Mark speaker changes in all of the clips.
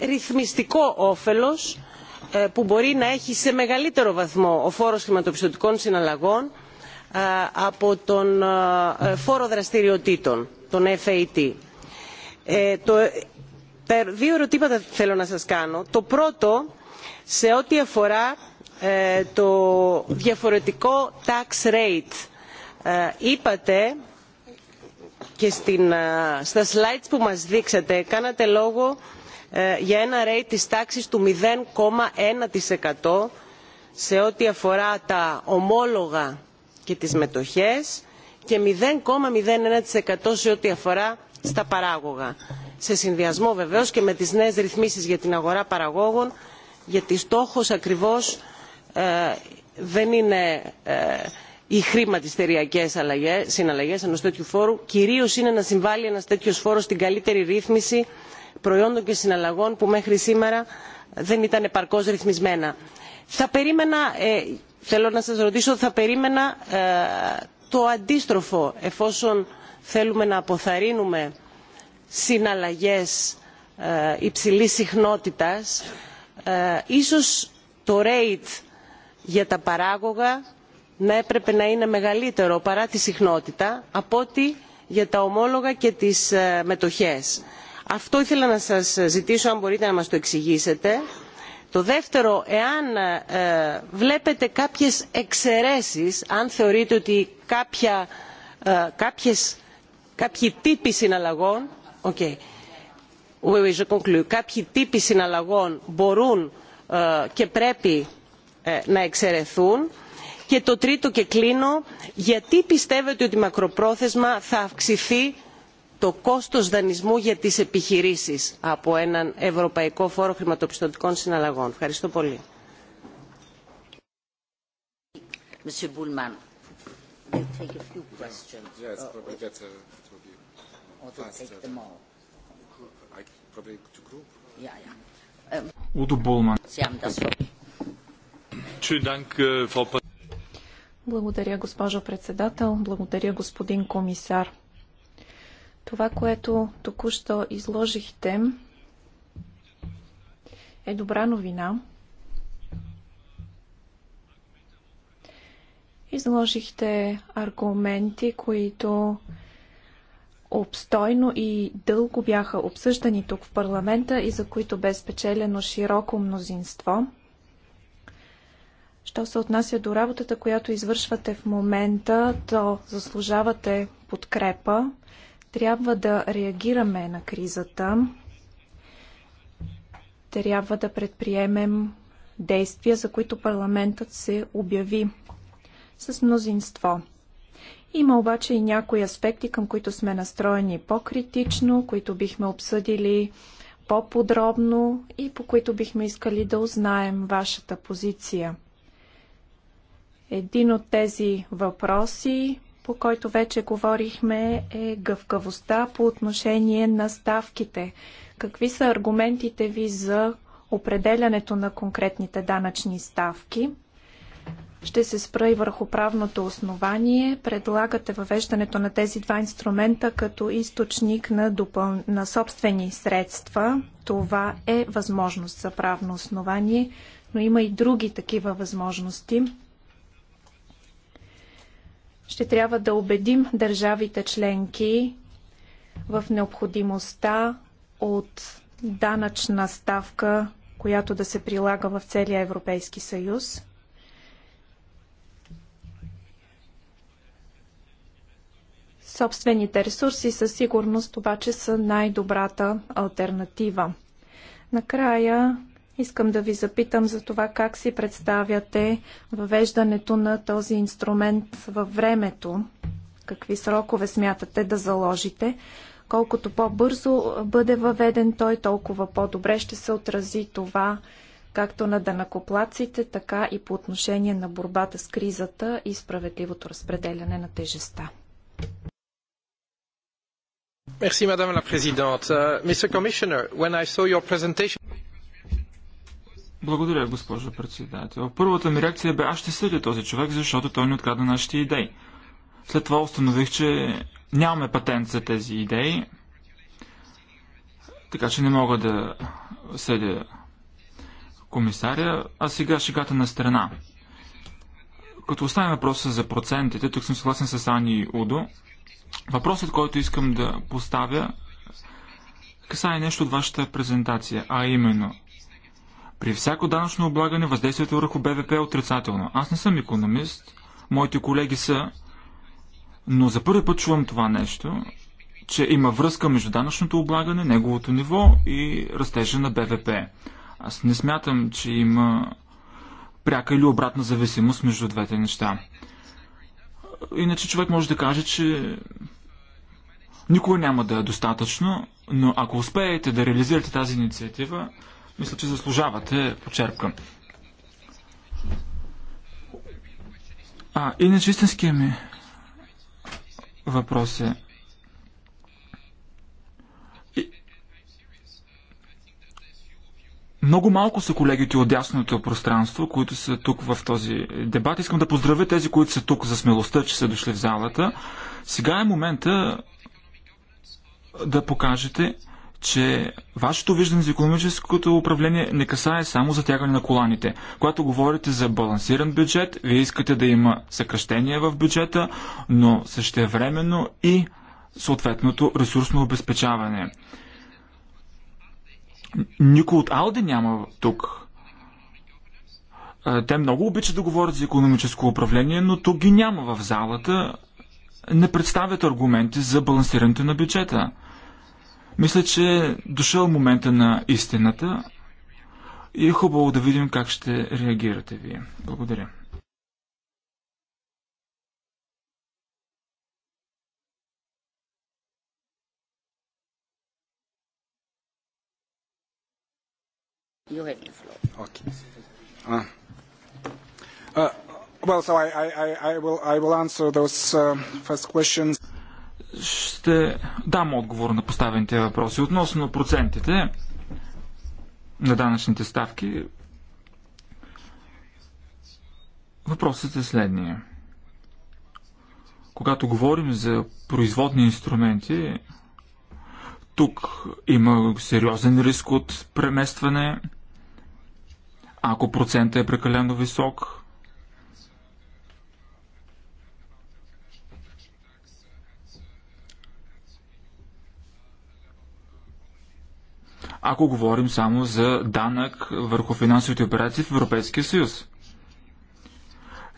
Speaker 1: ρυθμιστικό όφελος που μπορεί να έχει σε μεγαλύτερο βαθμό ο φόρος χρηματοπιστωτικών συναλλαγών από τον φόρο δραστηριοτήτων, τον FAT. Τα δύο ερωτήματα θέλω να σας κάνω. Το πρώτο σε ό,τι αφορά το διαφορετικό tax rate. Είπατε και στα slides που μας δείξατε, κάνατε λόγο για ένα rate της τάξης του 0,1% σε ό,τι αφορά τα ομόλογα και τις μετοχές και 0,01% σε ό,τι αφορά στα παράγωγα. Σε συνδυασμό βεβαίως και με τις νέες ρυθμίσεις για την αγορά παραγόγων γιατί στόχος ακριβώς δεν είναι οι χρηματιστηριακές συναλλαγές ενός τέτοιου φόρου κυρίως είναι να συμβάλλει ένας τέτοιος φόρος στην καλύτερη ρύθμιση προϊόντων και συναλλαγών που μέχρι σήμερα δεν ήταν επαρκώ ρυθμισμένα. Θα περίμενα, θέλω να σας ρωτήσω, θα περίμενα το αντίστροφο εφόσον θέλουμε να αποθαρρύνουμε συναλλαγές υψηλής συχνότητας ίσως το rate για τα παράγωγα να έπρεπε να είναι μεγαλύτερο παρά τη συχνότητα από ό,τι για τα ομόλογα και τις μετοχές. Αυτό ήθελα να σας ζητήσω αν μπορείτε να μας το εξηγήσετε. Το δεύτερο, εάν βλέπετε κάποιες εξαιρέσεις, αν θεωρείτε ότι κάποια, κάποιες, κάποιοι τύποι συναλλαγών, okay, oui, oui, je conclue, κάποιοι τύποι συναλλαγών μπορούν και πρέπει να εξαιρεθούν και το τρίτο και κλείνω γιατί πιστεύετε ότι μακροπρόθεσμα θα αυξηθεί το κόστος δανεισμού για τις επιχειρήσεις από έναν ευρωπαϊκό φόρο χρηματοπιστωτικών συναλλαγών. Ευχαριστώ πολύ.
Speaker 2: Mr. Bullman, take a few questions. probably better to be or to take them all. I, probably to group. Yeah,
Speaker 3: yeah.
Speaker 4: Um, Udo Bullman. Sie haben das Wort. Schönen Dank, Frau
Speaker 3: Благодаря, госпожо председател. Благодаря, господин комисар. Това, което току-що изложихте, е добра новина. Изложихте аргументи, които обстойно и дълго бяха обсъждани тук в парламента и за които бе спечелено широко мнозинство. Що се отнася до работата, която извършвате в момента, то заслужавате подкрепа. Трябва да реагираме на кризата. Трябва да предприемем действия, за които парламентът се обяви с мнозинство. Има обаче и някои аспекти, към които сме настроени по-критично, които бихме обсъдили по-подробно и по които бихме искали да узнаем вашата позиция. Един от тези въпроси по който вече говорихме, е гъвкавостта по отношение на ставките. Какви са аргументите ви за определянето на конкретните данъчни ставки? Ще се спра и върху правното основание. Предлагате въвеждането на тези два инструмента като източник на, допъл... на собствени средства. Това е възможност за правно основание, но има и други такива възможности. Ще трябва да убедим държавите членки в необходимостта от данъчна ставка, която да се прилага в целия Европейски съюз. Собствените ресурси със сигурност обаче са най-добрата альтернатива. Накрая Искам да ви запитам за това как си представяте въвеждането на този инструмент във времето. Какви срокове смятате да заложите? Колкото по-бързо бъде въведен той, толкова по-добре ще се отрази това както на данакоплаците, така и по отношение на борбата с кризата и справедливото разпределяне на тежеста.
Speaker 1: Merci, Madame la Présidente. Uh, Mr. Commissioner, when I saw your presentation...
Speaker 4: Благодаря, госпожо председател. Първата ми реакция бе, аз ще съдя този човек, защото той ни открада нашите идеи. След това установих, че нямаме патент за тези идеи, така че не мога да съдя комисаря, а сега шегата на страна. Като оставим въпроса за процентите, тук съм съгласен с Ани и Удо, въпросът, който искам да поставя, касае нещо от вашата презентация, а именно при всяко данъчно облагане въздействието върху БВП е отрицателно. Аз не съм економист, моите колеги са, но за първи път чувам това нещо, че има връзка между данъчното облагане, неговото ниво и растежа на БВП. Аз не смятам, че има пряка или обратна зависимост между двете неща. Иначе човек може да каже, че никога няма да е достатъчно, но ако успеете да реализирате тази инициатива, мисля, че заслужавате почерпка. А, иначе истинския ми въпрос е и... Много малко са колегите от дясното пространство, които са тук в този дебат. Искам да поздравя тези, които са тук за смелостта, че са дошли в залата. Сега е момента да покажете, че вашето виждане за економическото управление не касае само затягане на коланите. Когато говорите за балансиран бюджет, вие искате да има съкръщения в бюджета, но същевременно и съответното ресурсно обезпечаване. Никой от Алде няма тук. Е, те много обичат да говорят за економическо управление, но тук ги няма в залата. Не представят аргументи за балансирането на бюджета. Мисля, че е дошъл момента на истината и е хубаво да видим как ще реагирате вие.
Speaker 5: Благодаря.
Speaker 2: You have
Speaker 1: the floor. Okay. Uh, uh, well, so I,
Speaker 2: I, I, will, I will answer those uh, first questions. Ще
Speaker 4: дам отговор на поставените въпроси. Относно процентите на данъчните ставки, въпросът е следния. Когато говорим за производни инструменти, тук има сериозен риск от преместване. Ако процентът е прекалено висок, ако говорим само за данък върху финансовите операции в Европейския съюз.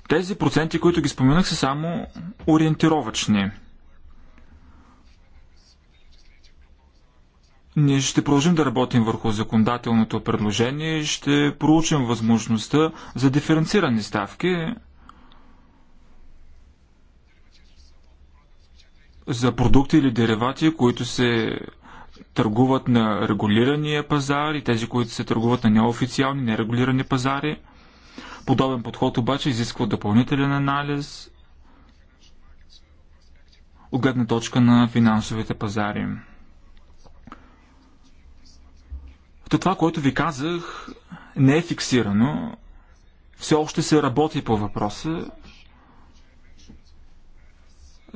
Speaker 4: Тези проценти, които ги споменах, са само ориентировачни. Ние ще продължим да работим върху законодателното предложение, ще проучим възможността за диференцирани ставки за продукти или деривати, които се търгуват на регулирания пазар и тези, които се търгуват на неофициални, нерегулирани пазари. Подобен подход обаче изисква допълнителен анализ от гледна точка на финансовите пазари. То това, което ви казах, не е фиксирано. Все още се работи по въпроса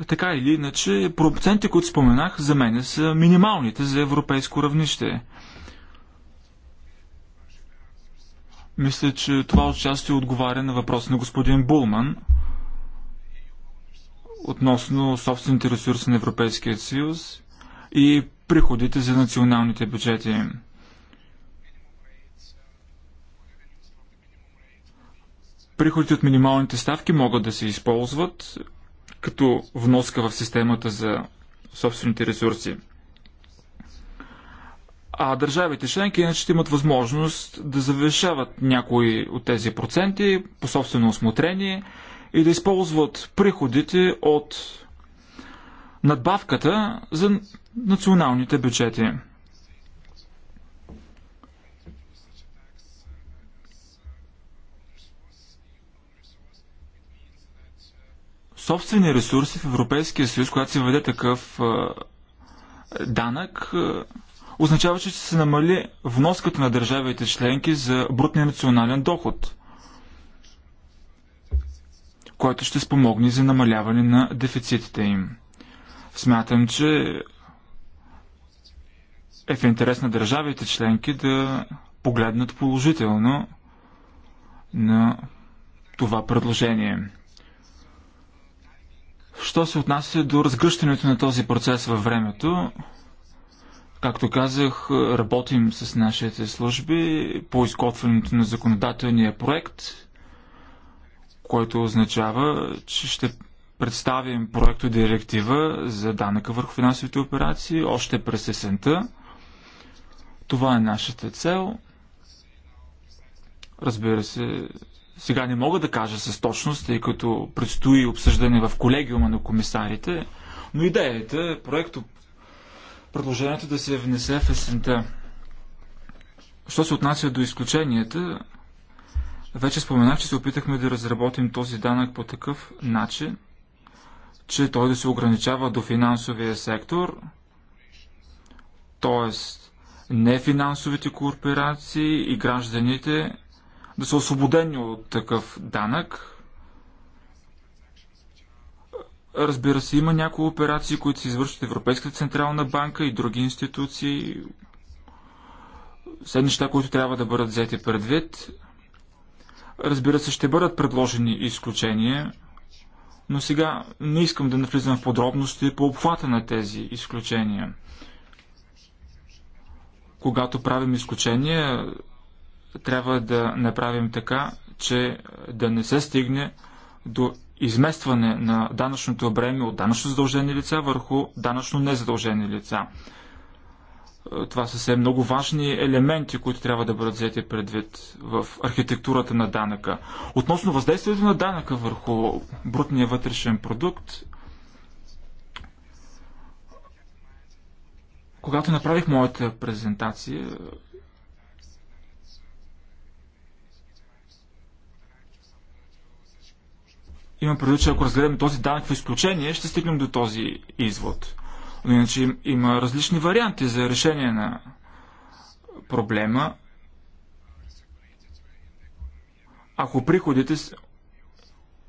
Speaker 4: така или иначе, процентите, които споменах, за мен са минималните за европейско равнище. Мисля, че това отчасти отговаря на въпрос на господин Булман относно собствените ресурси на Европейския съюз и приходите за националните бюджети. Приходите от минималните ставки могат да се използват като вноска в системата за собствените ресурси. А държавите членки иначе ще имат възможност да завишават някои от тези проценти по собствено осмотрение и да използват приходите от надбавката за националните бюджети. собствени ресурси в Европейския съюз, когато се въведе такъв данък, означава, че ще се намали вноската на държавите членки за брутния национален доход, който ще спомогне за намаляване на дефицитите им. Смятам, че е в интерес на държавите членки да погледнат положително на това предложение. Що се отнася до разгръщането на този процес във времето, както казах, работим с нашите служби по изготвянето на законодателния проект, който означава, че ще представим проекто директива за данъка върху финансовите операции още през есента. Това е нашата цел. Разбира се, сега не мога да кажа с точност, тъй като предстои обсъждане в колегиума на комисарите, но идеята е проекто предложението да се внесе в есента. Що се отнася до изключенията, вече споменах, че се опитахме да разработим този данък по такъв начин, че той да се ограничава до финансовия сектор, т.е. нефинансовите корпорации и гражданите, да са освободени от такъв данък. Разбира се, има някои операции, които се извършват Европейската централна банка и други институции. Все неща, които трябва да бъдат взети предвид. Разбира се, ще бъдат предложени изключения, но сега не искам да навлизам в подробности по обхвата на тези изключения. Когато правим изключения, трябва да направим така, че е, да не се стигне до изместване на данъчното бреме от данъчно задължени лица върху данъчно незадължени лица. Е, това са все много важни елементи, които трябва да бъдат взети предвид в архитектурата на данъка. Относно въздействието на данъка върху брутния вътрешен продукт, когато направих моята презентация, Има предвид, че ако разгледаме този данък в изключение, ще стигнем до този извод. Но иначе има различни варианти за решение на проблема. Ако приходите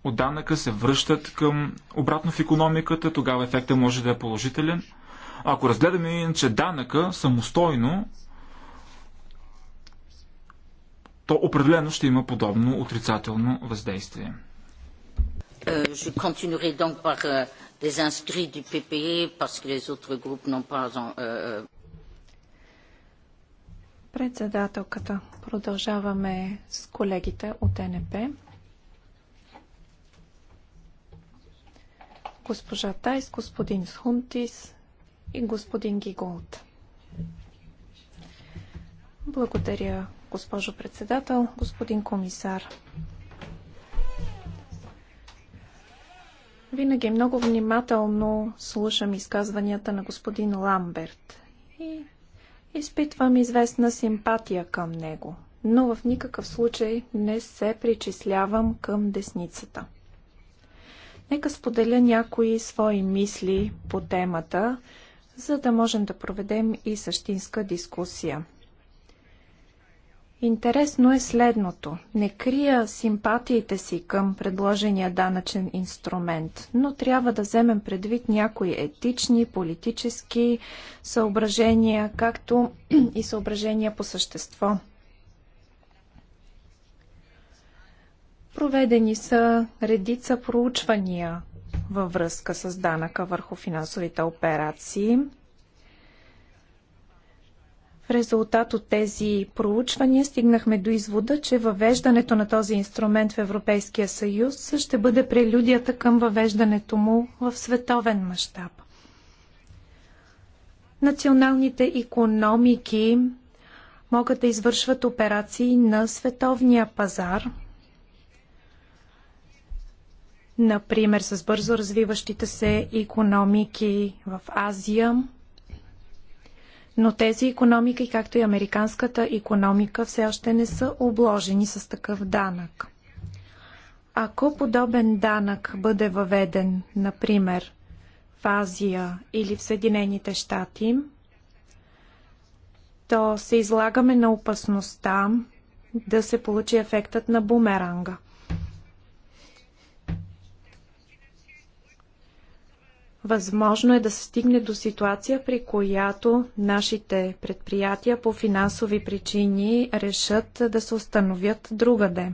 Speaker 4: от данъка се връщат към обратно в економиката, тогава ефектът може да е положителен. Ако разгледаме иначе данъка самостойно, то определено ще има подобно отрицателно въздействие.
Speaker 2: Euh, je continuerai donc par euh, les inscrits du PPE parce que les autres groupes n'ont pas. Euh,
Speaker 3: Председателката. Продължаваме с колегите от НП. Госпожа Тайс, господин Схунтис и господин Гиголт. Благодаря, госпожо председател, господин комисар. Винаги много внимателно слушам изказванията на господин Ламберт и изпитвам известна симпатия към него, но в никакъв случай не се причислявам към десницата. Нека споделя някои свои мисли по темата, за да можем да проведем и същинска дискусия. Интересно е следното. Не крия симпатиите си към предложения данъчен инструмент, но трябва да вземем предвид някои етични, политически съображения, както и съображения по същество. Проведени са редица проучвания във връзка с данъка върху финансовите операции – в резултат от тези проучвания стигнахме до извода, че въвеждането на този инструмент в Европейския съюз ще бъде прелюдията към въвеждането му в световен мащаб. Националните економики могат да извършват операции на световния пазар, например с бързо развиващите се економики в Азия – но тези економики, както и американската економика, все още не са обложени с такъв данък. Ако подобен данък бъде въведен, например, в Азия или в Съединените щати, то се излагаме на опасността да се получи ефектът на бумеранга – Възможно е да се стигне до ситуация, при която нашите предприятия по финансови причини решат да се установят другаде.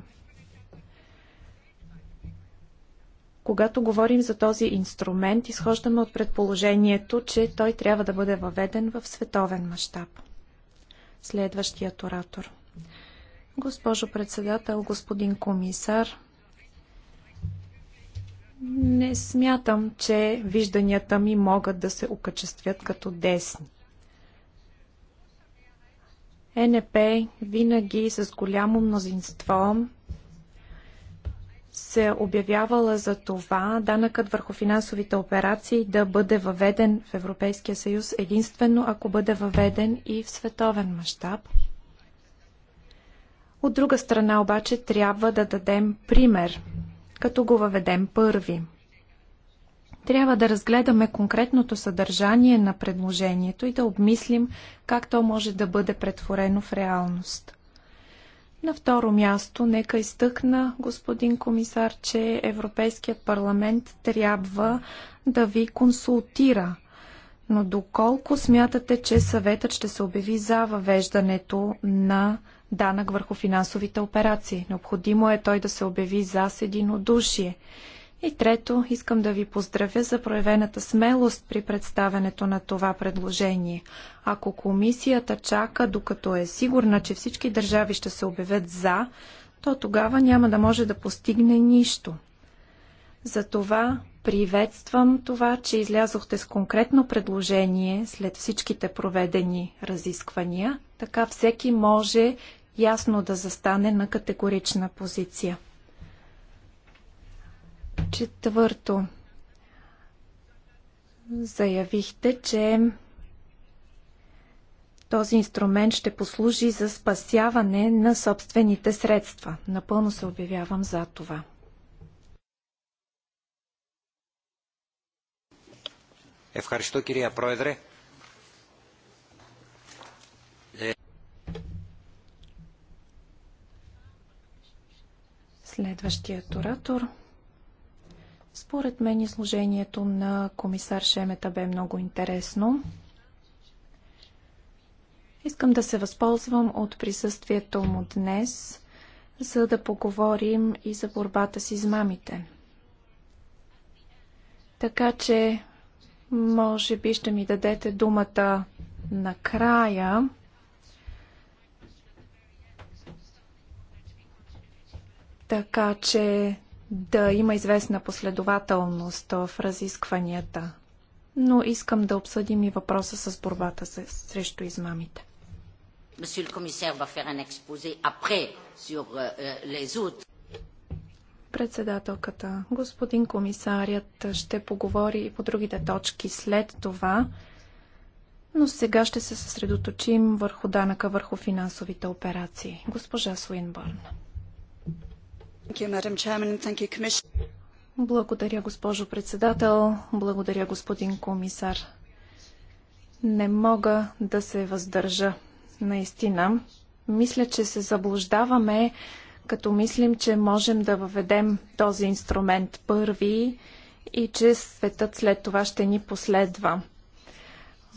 Speaker 3: Когато говорим за този инструмент, изхождаме от предположението, че той трябва да бъде въведен в световен мащаб. Следващият оратор. Госпожо председател, господин комисар, не смятам, че вижданията ми могат да се окачествят като десни. ЕНП винаги с голямо мнозинство се обявявала за това данъкът върху финансовите операции да бъде въведен в Европейския съюз единствено, ако бъде въведен и в световен мащаб. От друга страна обаче трябва да дадем пример – като го въведем първи. Трябва да разгледаме конкретното съдържание на предложението и да обмислим как то може да бъде претворено в реалност. На второ място, нека изтъкна, господин комисар, че Европейският парламент трябва да ви консултира. Но доколко смятате, че съветът ще се обяви за въвеждането на данък върху финансовите операции. Необходимо е той да се обяви за с единодушие. И трето, искам да ви поздравя за проявената смелост при представенето на това предложение. Ако комисията чака, докато е сигурна, че всички държави ще се обявят за, то тогава няма да може да постигне нищо. Затова приветствам това, че излязохте с конкретно предложение след всичките проведени разисквания. Така всеки може ясно да застане на категорична позиция. Четвърто. Заявихте, че този инструмент ще послужи за спасяване на собствените средства. Напълно се обявявам за това.
Speaker 4: Евхаристо, Кирия, Проедре.
Speaker 3: Следващият оратор. Според мен изложението на комисар Шемета бе много интересно. Искам да се възползвам от присъствието му днес, за да поговорим и за борбата с измамите. Така че, може би ще ми дадете думата накрая така че да има известна последователност в разискванията. Но искам да обсъдим и въпроса с борбата с, срещу измамите.
Speaker 2: Euh, euh,
Speaker 3: Председателката, господин комисарят ще поговори и по другите точки след това, но сега ще се съсредоточим върху данъка върху финансовите операции. Госпожа Суинбърн. Благодаря, госпожо председател. Благодаря, господин комисар. Не мога да се въздържа. Наистина, мисля, че се заблуждаваме, като мислим, че можем да въведем този инструмент първи и че светът след това ще ни последва.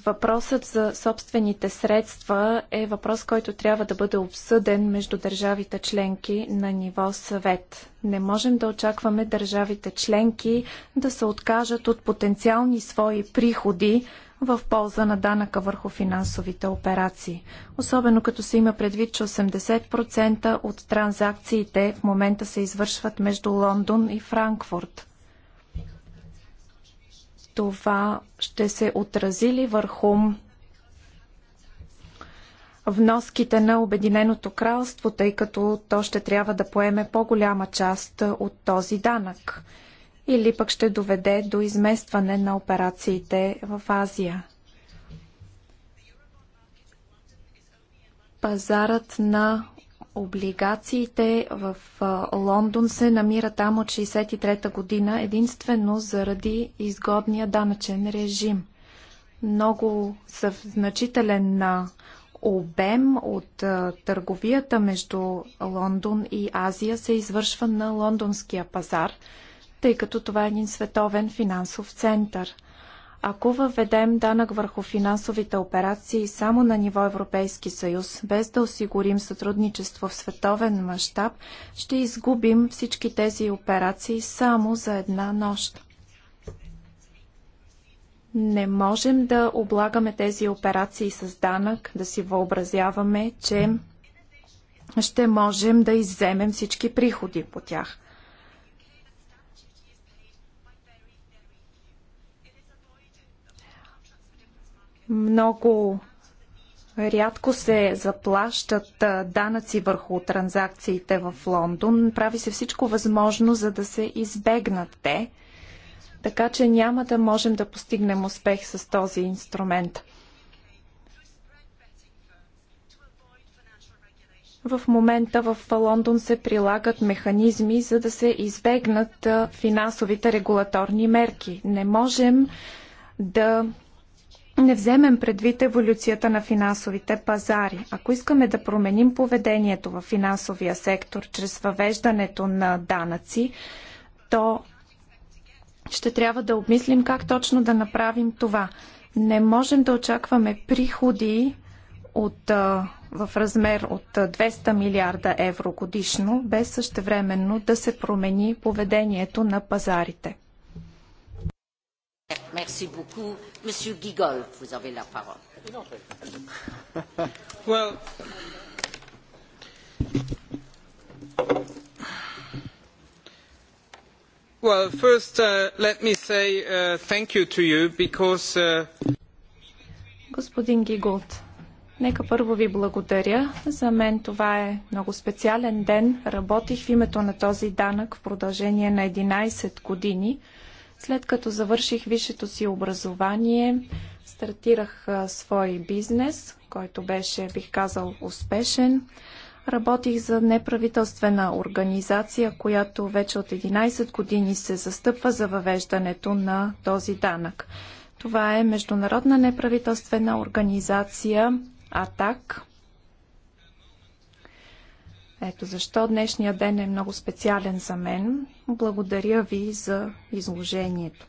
Speaker 3: Въпросът за собствените средства е въпрос, който трябва да бъде обсъден между държавите членки на ниво съвет. Не можем да очакваме държавите членки да се откажат от потенциални свои приходи в полза на данъка върху финансовите операции. Особено като се има предвид, че 80% от транзакциите в момента се извършват между Лондон и Франкфурт това ще се отрази ли върху вноските на Обединеното кралство, тъй като то ще трябва да поеме по-голяма част от този данък? Или пък ще доведе до изместване на операциите в Азия? Пазарът на облигациите в Лондон се намира там от 63 та година единствено заради изгодния данъчен режим. Много значителен на обем от търговията между Лондон и Азия се извършва на лондонския пазар, тъй като това е един световен финансов център – ако въведем данък върху финансовите операции само на ниво Европейски съюз, без да осигурим сътрудничество в световен мащаб, ще изгубим всички тези операции само за една нощ. Не можем да облагаме тези операции с данък, да си въобразяваме, че ще можем да изземем всички приходи по тях. Много рядко се заплащат данъци върху транзакциите в Лондон. Прави се всичко възможно, за да се избегнат те. Така че няма да можем да постигнем успех с този инструмент. В момента в Лондон се прилагат механизми, за да се избегнат финансовите регулаторни мерки. Не можем да не вземем предвид еволюцията на финансовите пазари. Ако искаме да променим поведението в финансовия сектор чрез въвеждането на данъци, то ще трябва да обмислим как точно да направим това. Не можем да очакваме приходи от, в размер от 200 милиарда евро годишно, без същевременно да се промени поведението на пазарите.
Speaker 2: Merci beaucoup. Monsieur Gigol, vous avez la parole.
Speaker 1: well, well, first uh, let me say uh, thank you to you because. Uh...
Speaker 3: Господин Гиголт, нека първо ви благодаря. За мен това е много специален ден. Работих в името на този данък в продължение на 11 години. След като завърших висшето си образование, стартирах свой бизнес, който беше, бих казал, успешен. Работих за неправителствена организация, която вече от 11 години се застъпва за въвеждането на този данък. Това е международна неправителствена организация АТАК, ето защо днешния ден е много специален за мен. Благодаря ви за изложението.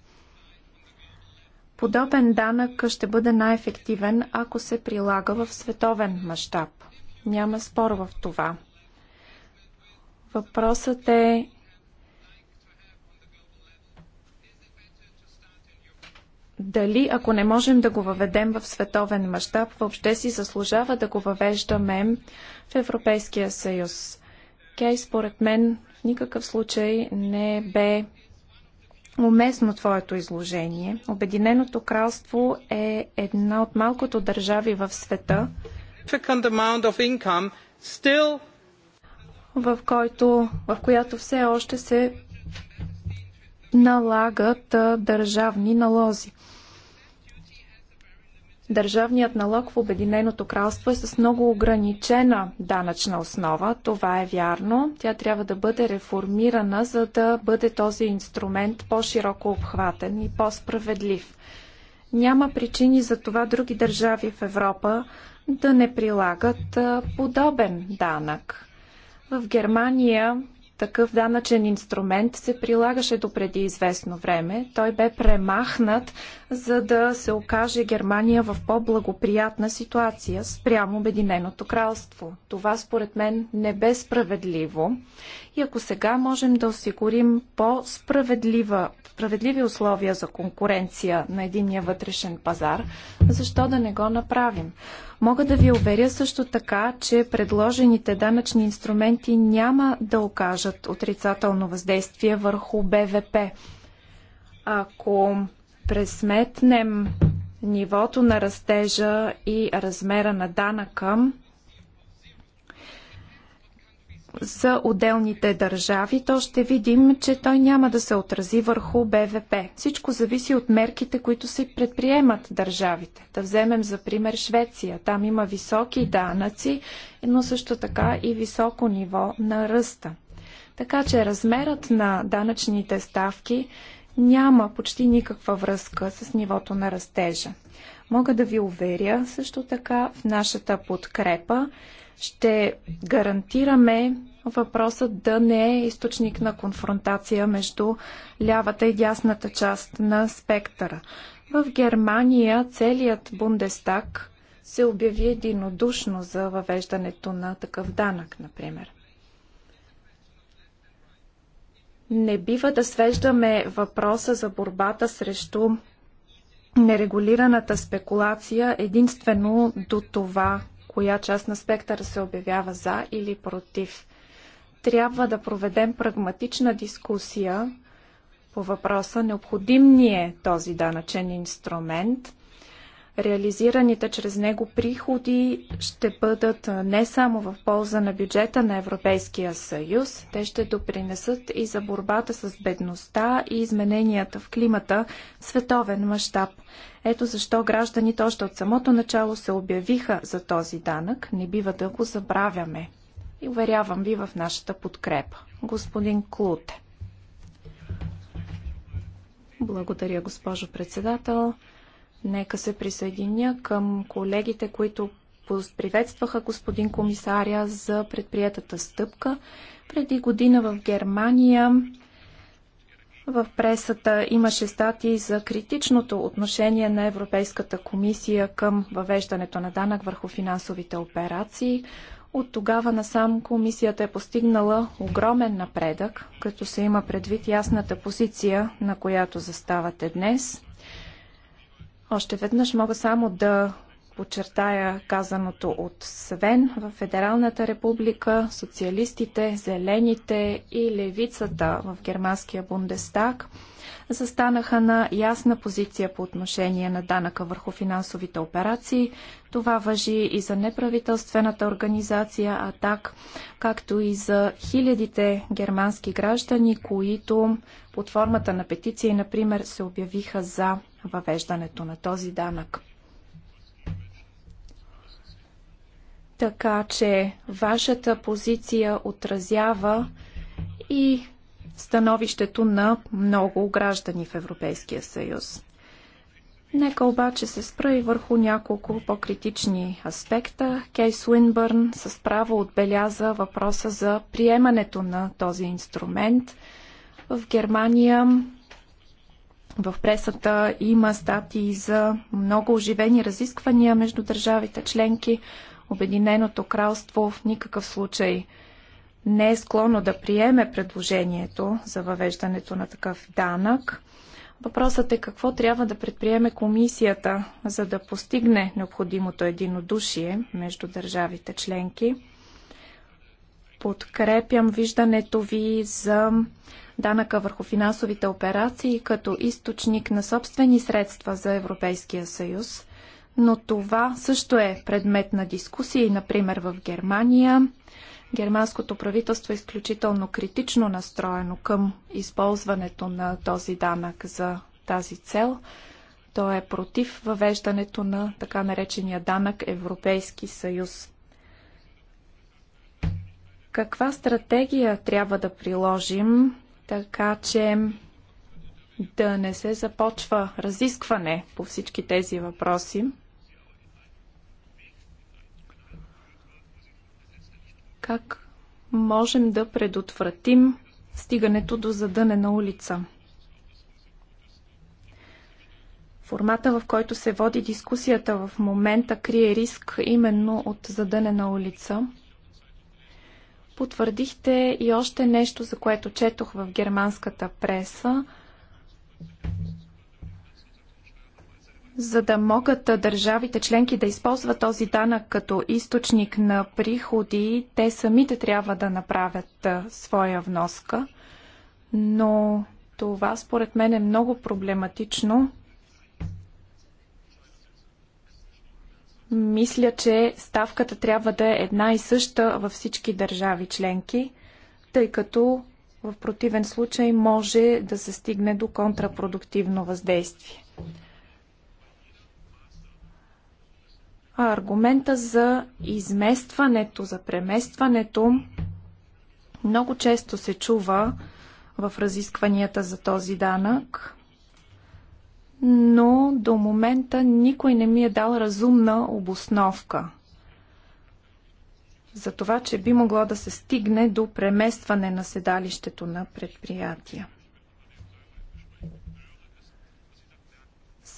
Speaker 3: Подобен данък ще бъде най-ефективен, ако се прилага в световен мащаб. Няма спор в това. Въпросът е дали, ако не можем да го въведем в световен мащаб, въобще си заслужава да го въвеждаме в Европейския съюз. Кей, според мен, в никакъв случай не бе уместно твоето изложение. Обединеното кралство е една от малкото държави в света, в, който, в която все още се налагат държавни налози. Държавният налог в Обединеното кралство е с много ограничена данъчна основа. Това е вярно. Тя трябва да бъде реформирана, за да бъде този инструмент по-широко обхватен и по-справедлив. Няма причини за това други държави в Европа да не прилагат подобен данък. В Германия такъв данъчен инструмент се прилагаше до преди известно време. Той бе премахнат, за да се окаже Германия в по-благоприятна ситуация спрямо Обединеното кралство. Това според мен не бе справедливо. И ако сега можем да осигурим по-справедлива справедливи условия за конкуренция на единния вътрешен пазар, защо да не го направим? Мога да ви уверя също така, че предложените данъчни инструменти няма да окажат отрицателно въздействие върху БВП. Ако пресметнем нивото на растежа и размера на данъка, за отделните държави, то ще видим, че той няма да се отрази върху БВП. Всичко зависи от мерките, които се предприемат държавите. Да вземем за пример Швеция. Там има високи данъци, но също така и високо ниво на ръста. Така че размерът на данъчните ставки няма почти никаква връзка с нивото на растежа. Мога да ви уверя също така в нашата подкрепа, ще гарантираме въпросът да не е източник на конфронтация между лявата и дясната част на спектъра. В Германия целият Бундестаг се обяви единодушно за въвеждането на такъв данък, например. Не бива да свеждаме въпроса за борбата срещу нерегулираната спекулация единствено до това коя част на спектъра се обявява за или против. Трябва да проведем прагматична дискусия по въпроса необходим ни е този данъчен инструмент, реализираните чрез него приходи ще бъдат не само в полза на бюджета на Европейския съюз, те ще допринесат и за борбата с бедността и измененията в климата в световен мащаб. Ето защо гражданите още от самото начало се обявиха за този данък, не бива да го забравяме. И уверявам ви в нашата подкрепа. Господин Клуте. Благодаря, госпожо председател. Нека се присъединя към колегите, които приветстваха господин комисаря за предприятата стъпка. Преди година в Германия в пресата имаше статии за критичното отношение на Европейската комисия към въвеждането на данък върху финансовите операции. От тогава насам комисията е постигнала огромен напредък, като се има предвид ясната позиция, на която заставате днес. Още веднъж мога само да подчертая казаното от Свен. В Федералната република социалистите, зелените и левицата в германския Бундестаг застанаха на ясна позиция по отношение на данъка върху финансовите операции. Това въжи и за неправителствената организация АТАК, както и за хилядите германски граждани, които под формата на петиции, например, се обявиха за въвеждането на този данък. Така че вашата позиция отразява и становището на много граждани в Европейския съюз. Нека обаче се спра и върху няколко по-критични аспекта. Кей Суинбърн с право отбеляза въпроса за приемането на този инструмент. В Германия в пресата има статии за много оживени разисквания между държавите членки Обединеното кралство в никакъв случай не е склонно да приеме предложението за въвеждането на такъв данък. Въпросът е какво трябва да предприеме комисията, за да постигне необходимото единодушие между държавите членки. Подкрепям виждането ви за данъка върху финансовите операции като източник на собствени средства за Европейския съюз но това също е предмет на дискусии, например в Германия. Германското правителство е изключително критично настроено към използването на този данък за тази цел. То е против въвеждането на така наречения данък Европейски съюз. Каква стратегия трябва да приложим, така че да не се започва разискване по всички тези въпроси? Как можем да предотвратим стигането до задънена улица? Формата, в който се води дискусията в момента, крие риск именно от задънена улица. Потвърдихте и още нещо, за което четох в германската преса – За да могат държавите членки да използват този данък като източник на приходи, те самите трябва да направят своя вноска. Но това според мен е много проблематично. Мисля, че ставката трябва да е една и съща във всички държави членки, тъй като в противен случай може да се стигне до контрапродуктивно въздействие. аргумента за изместването, за преместването много често се чува в разискванията за този данък, но до момента никой не ми е дал разумна обосновка за това, че би могло да се стигне до преместване на седалището на предприятия.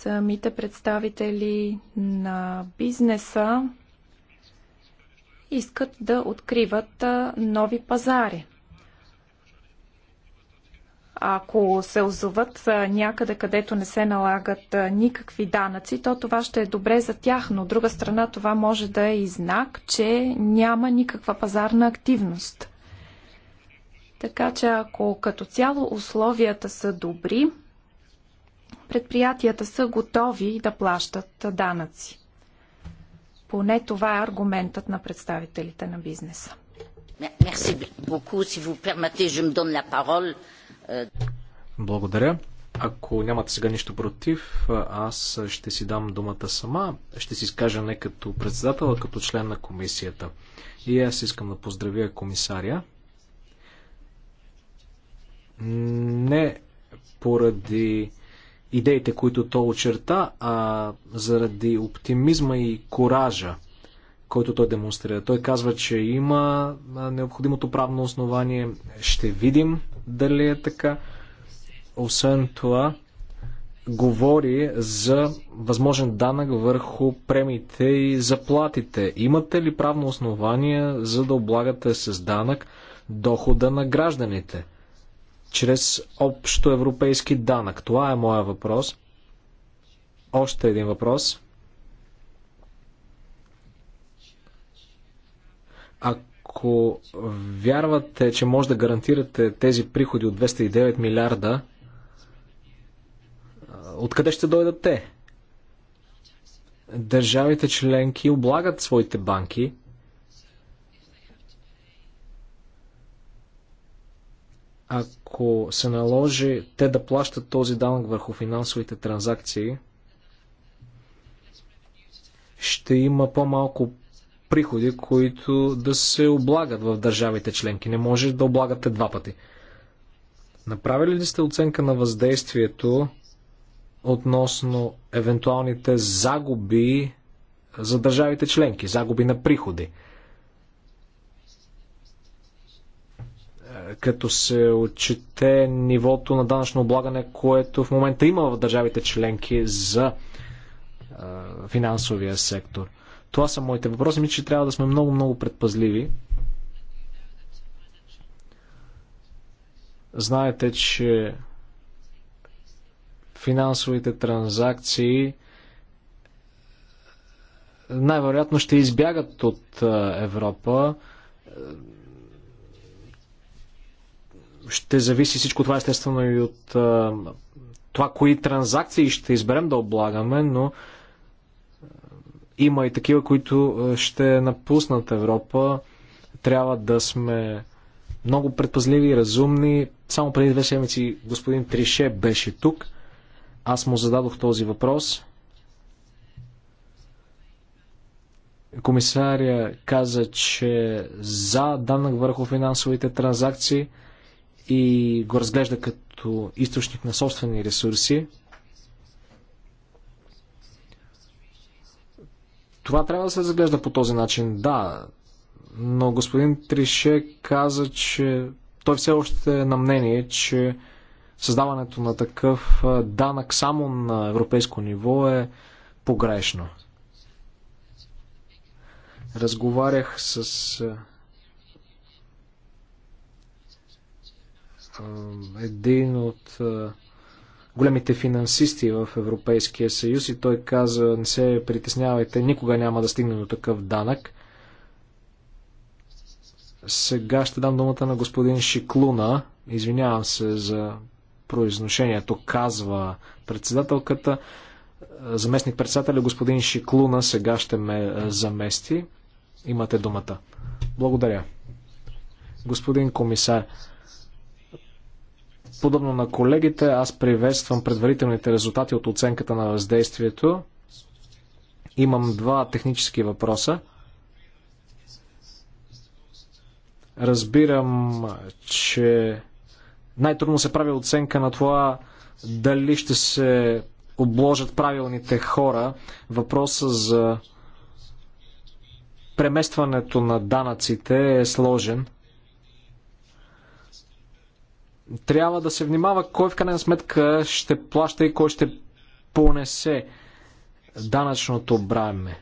Speaker 3: самите представители на бизнеса искат да откриват нови пазари. Ако се озоват някъде, където не се налагат никакви данъци, то това ще е добре за тях, но от друга страна това може да е и знак, че няма никаква пазарна активност. Така че ако като цяло условията са добри, предприятията са готови да плащат данъци. Поне това е аргументът на представителите на бизнеса.
Speaker 2: Благодаря.
Speaker 5: Ако нямате сега нищо против, аз ще си дам думата сама. Ще си изкажа не като председател, а като член на комисията. И аз искам да поздравя комисаря. Не поради идеите, които то очерта, а заради оптимизма и коража, който той демонстрира. Той казва, че има необходимото правно основание. Ще видим дали е така. Освен това, говори за възможен данък върху премиите и заплатите. Имате ли правно основание за да облагате с данък дохода на гражданите? чрез общо европейски данък? Това е моя въпрос. Още един въпрос. Ако вярвате, че може да гарантирате тези приходи от 209 милиарда, откъде ще дойдат те? Държавите членки облагат своите банки, ако ако се наложи те да плащат този данък върху финансовите транзакции, ще има по-малко приходи, които да се облагат в държавите членки. Не може да облагате два пъти. Направили ли сте оценка на въздействието относно евентуалните загуби за държавите членки, загуби на приходи? като се отчете нивото на данъчно облагане, което в момента има в държавите членки за финансовия сектор. Това са моите въпроси. Мисля, че трябва да сме много, много предпазливи. Знаете, че финансовите транзакции най-вероятно ще избягат от Европа ще зависи всичко това естествено и от това, кои транзакции ще изберем да облагаме, но има и такива, които ще напуснат Европа. Трябва да сме много предпазливи и разумни. Само преди две седмици господин Трише беше тук. Аз му зададох този въпрос. Комисаря каза, че за данък върху финансовите транзакции – и го разглежда като източник на собствени ресурси. Това трябва да се разглежда по този начин, да. Но господин Трише каза, че той все още е на мнение, че създаването на такъв данък само на европейско ниво е погрешно. Разговарях с един от големите финансисти в Европейския съюз и той каза, не се притеснявайте, никога няма да стигне до такъв данък. Сега ще дам думата на господин Шиклуна. Извинявам се за произношението, казва председателката. Заместник председателя господин Шиклуна сега ще ме замести. Имате думата. Благодаря. Господин комисар, Подобно на колегите, аз приветствам предварителните резултати от оценката на въздействието. Имам два технически въпроса. Разбирам, че най-трудно се прави оценка на това дали ще се обложат правилните хора. Въпроса за преместването на данъците е сложен трябва да се внимава кой в крайна сметка ще плаща и кой ще понесе данъчното браме.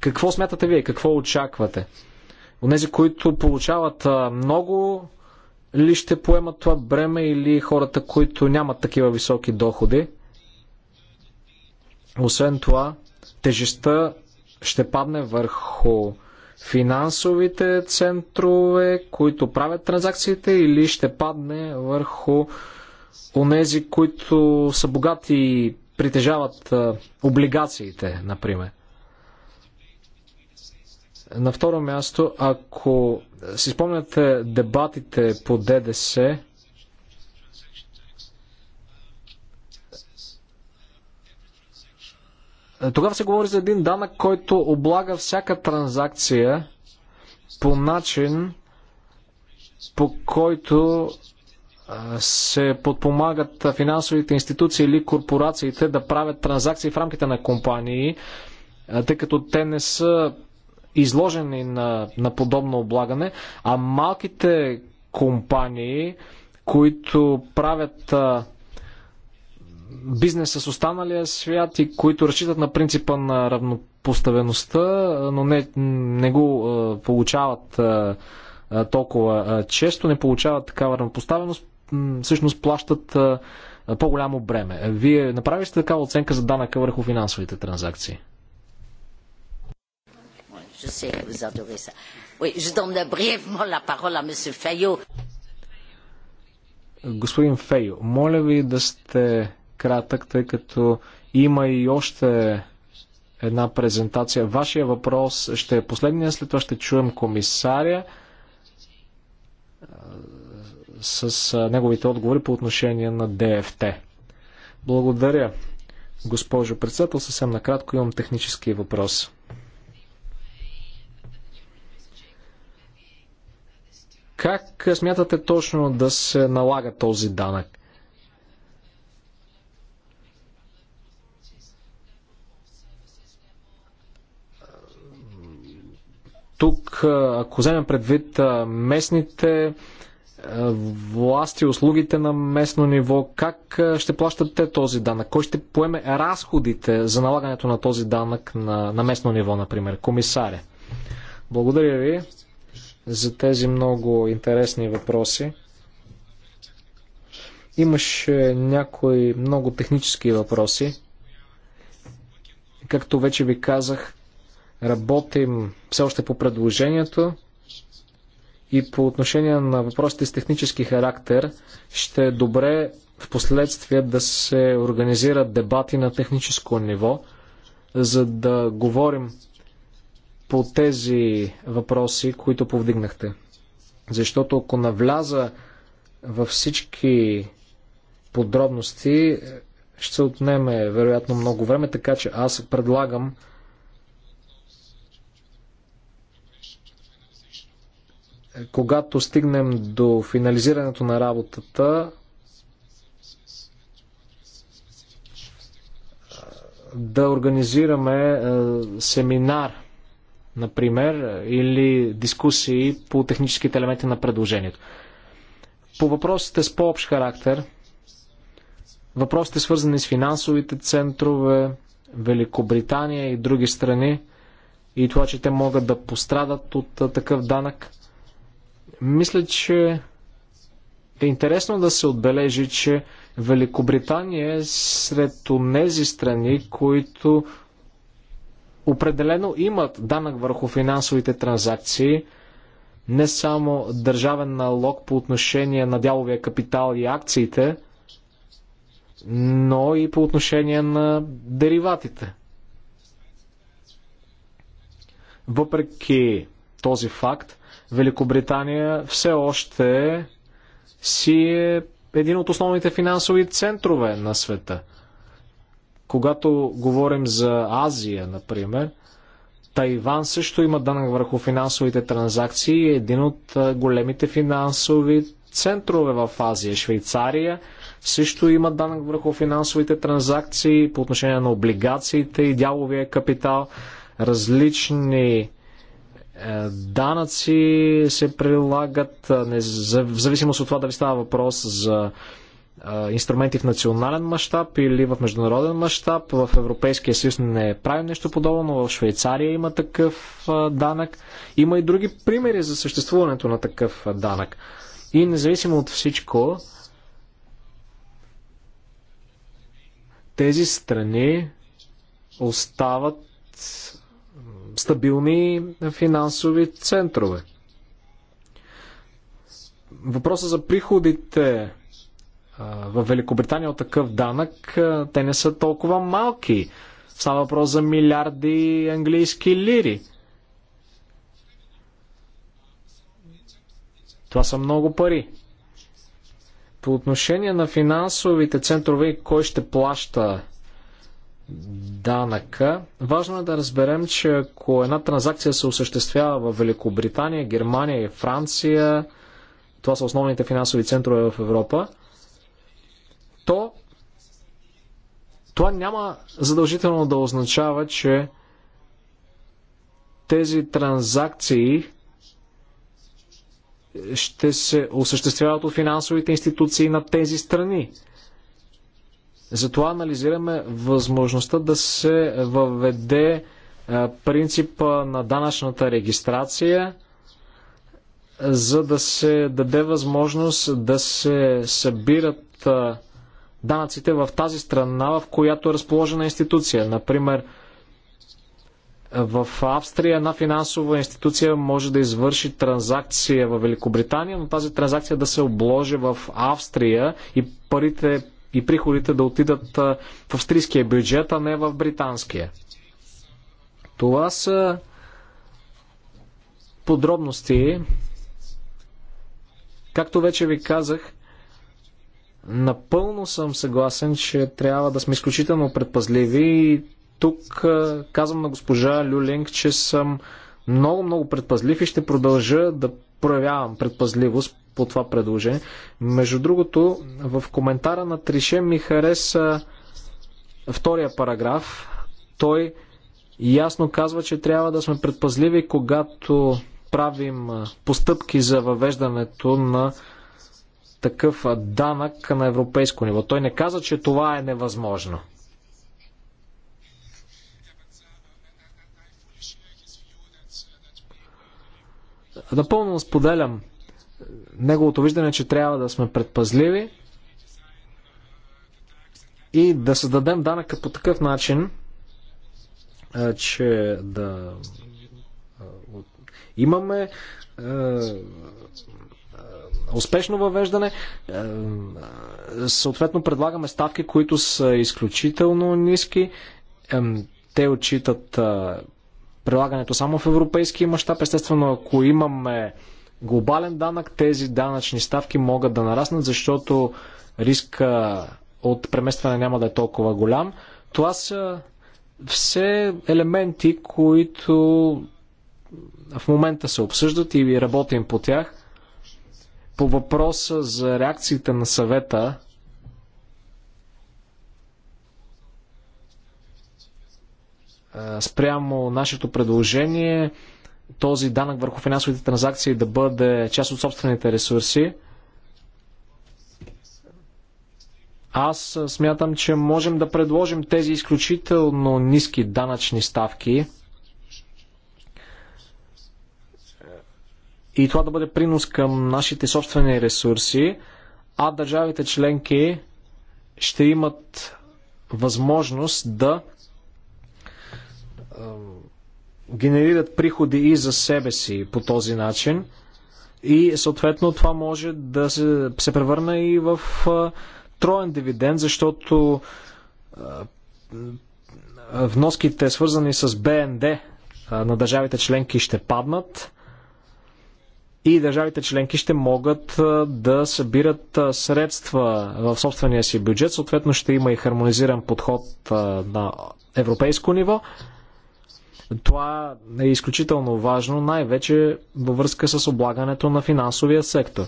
Speaker 5: Какво смятате вие? Какво очаквате? Онези, които получават много, ли ще поемат това бреме или хората, които нямат такива високи доходи? Освен това, тежестта ще падне върху финансовите центрове, които правят транзакциите или ще падне върху онези, които са богати и притежават облигациите, например. На второ място, ако си спомняте дебатите по ДДС, Тогава се говори за един данък, който облага всяка транзакция по начин, по който се подпомагат финансовите институции или корпорациите да правят транзакции в рамките на компании, тъй като те не са изложени на, на подобно облагане, а малките компании, които правят бизнес с останалия свят и които разчитат на принципа на равнопоставеността, но не, не го а, получават а, толкова а, често, не получават такава равнопоставеност, всъщност плащат по-голямо бреме. Вие направихте такава оценка за данъка върху финансовите транзакции? Господин Фейо, моля ви да сте кратък, тъй като има и още една презентация. Вашия въпрос ще е последния, след това ще чуем комисаря с неговите отговори по отношение на ДФТ. Благодаря, госпожо председател. Съвсем накратко имам технически въпрос. Как смятате точно да се налага този данък? Тук, ако вземем предвид местните власти, услугите на местно ниво, как ще плащат те този данък? Кой ще поеме разходите за налагането на този данък на, на местно ниво, например? Комисаря. Благодаря ви за тези много интересни въпроси. Имаше някои много технически въпроси. Както вече ви казах, Работим все още по предложението и по отношение на въпросите с технически характер ще е добре в последствие да се организират дебати на техническо ниво, за да говорим по тези въпроси, които повдигнахте. Защото ако навляза във всички подробности, ще се отнеме вероятно много време, така че аз предлагам когато стигнем до финализирането на работата, да организираме е, семинар, например, или дискусии по техническите елементи на предложението. По въпросите с по-общ характер, въпросите свързани с финансовите центрове, Великобритания и други страни, и това, че те могат да пострадат от е, такъв данък – мисля, че е интересно да се отбележи, че Великобритания е сред тези страни, които определено имат данък върху финансовите транзакции, не само държавен налог по отношение на дяловия капитал и акциите, но и по отношение на дериватите. Въпреки този факт, Великобритания все още си е един от основните финансови центрове на света. Когато говорим за Азия, например, Тайван също има данък върху финансовите транзакции и е един от големите финансови центрове в Азия. Швейцария също има данък върху финансовите транзакции по отношение на облигациите и дяловия капитал. Различни е, данъци се прилагат, в зависимост от това дали става въпрос за инструменти в национален мащаб или в международен мащаб. В Европейския съюз не е правим нещо подобно, но в Швейцария има такъв данък. Има и други примери за съществуването на такъв данък. И независимо от всичко, тези страни остават стабилни финансови центрове. Въпроса за приходите в Великобритания от такъв данък, те не са толкова малки. Става въпрос за милиарди английски лири. Това са много пари. По отношение на финансовите центрове, кой ще плаща данъка. Важно е да разберем, че ако една транзакция се осъществява в Великобритания, Германия и Франция, това са основните финансови центрове в Европа, то това няма задължително да означава, че тези транзакции ще се осъществяват от финансовите институции на тези страни. Затова анализираме възможността да се въведе е, принципа на данъчната регистрация, за да се даде възможност да се събират е, данъците в тази страна, в която е разположена институция. Например, в Австрия една финансова институция може да извърши транзакция в Великобритания, но тази транзакция да се обложи в Австрия и парите и приходите да отидат в австрийския бюджет, а не в британския. Това са подробности. Както вече ви казах, напълно съм съгласен, че трябва да сме изключително предпазливи и тук казвам на госпожа Люлинг, че съм много-много предпазлив и ще продължа да проявявам предпазливост по това предложение. Между другото, в коментара на Трише ми хареса втория параграф. Той ясно казва, че трябва да сме предпазливи, когато правим постъпки за въвеждането на такъв данък на европейско ниво. Той не каза, че това е невъзможно. Напълно споделям неговото виждане, че трябва да сме предпазливи и да създадем данъка по такъв начин, че да имаме успешно въвеждане. Съответно предлагаме ставки, които са изключително ниски. Те отчитат прилагането само в европейски мащаб. Естествено, ако имаме глобален данък, тези данъчни ставки могат да нараснат, защото риска от преместване няма да е толкова голям. Това са все елементи, които в момента се обсъждат и работим по тях. По въпроса за реакциите на съвета, Е, спрямо нашето предложение този данък върху финансовите транзакции да бъде част от собствените ресурси. Аз смятам, че можем да предложим тези изключително ниски данъчни ставки и това да бъде принос към нашите собствени ресурси, а държавите членки ще имат възможност да генерират приходи и за себе си по този начин. И съответно това може да се, се превърне и в а, троен дивиденд, защото а, вноските свързани с БНД а, на държавите членки ще паднат и държавите членки ще могат да събират средства в собствения си бюджет. Съответно ще има и хармонизиран подход на европейско ниво. Това е изключително важно, най-вече във връзка с облагането на финансовия сектор.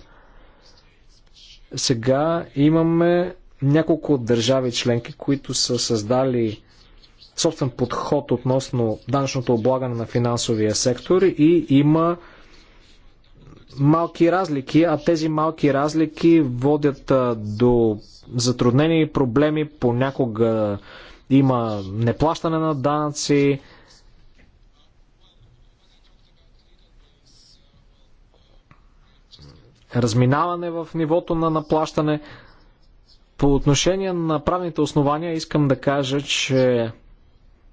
Speaker 5: Сега имаме няколко държави членки, които са създали собствен подход относно данъчното облагане на финансовия сектор и има малки разлики, а тези малки разлики водят до затруднени проблеми, понякога има неплащане на данъци, разминаване в нивото на наплащане. По отношение на правните основания искам да кажа, че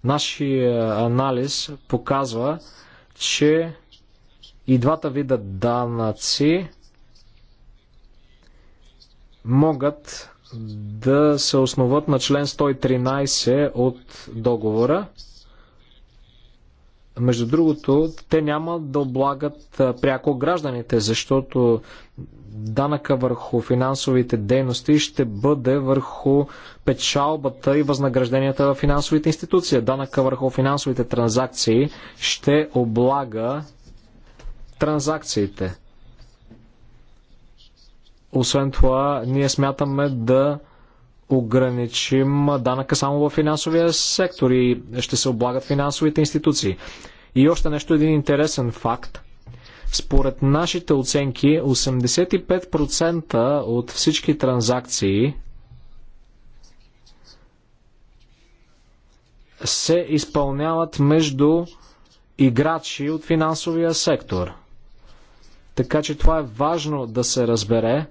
Speaker 5: нашия анализ показва, че и двата вида данъци могат да се основат на член 113 от договора. Между другото, те няма да облагат пряко гражданите, защото данъка върху финансовите дейности ще бъде върху печалбата и възнагражденията в финансовите институции. Данъка върху финансовите транзакции ще облага транзакциите. Освен това, ние смятаме да ограничим данъка само в финансовия сектор и ще се облагат финансовите институции. И още нещо, един интересен факт. Според нашите оценки, 85% от всички транзакции се изпълняват между играчи от финансовия сектор. Така че това е важно да се разбере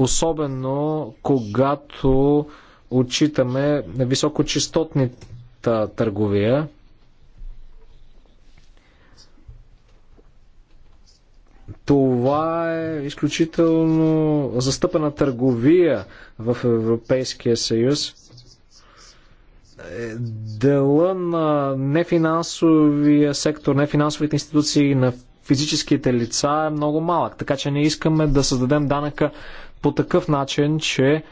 Speaker 5: особено когато отчитаме високочастотната търговия. Това е изключително застъпена търговия в Европейския съюз. Дела на нефинансовия сектор, нефинансовите институции, на физическите лица е много малък, така че не искаме да създадем данъка по такъв начин, че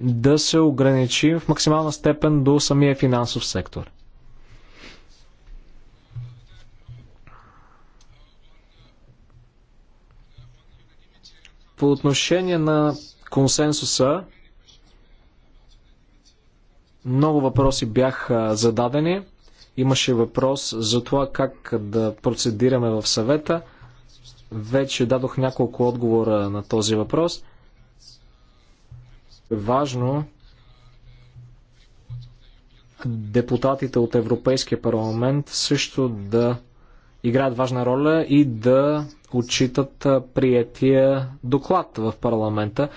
Speaker 5: да се ограничи в максимална степен до самия финансов сектор. По отношение на консенсуса, много въпроси бяха зададени. Имаше въпрос за това как да процедираме в съвета. Вече дадох няколко отговора на този въпрос – важно депутатите от Европейския парламент също да играят важна роля и да отчитат приятия доклад в парламента.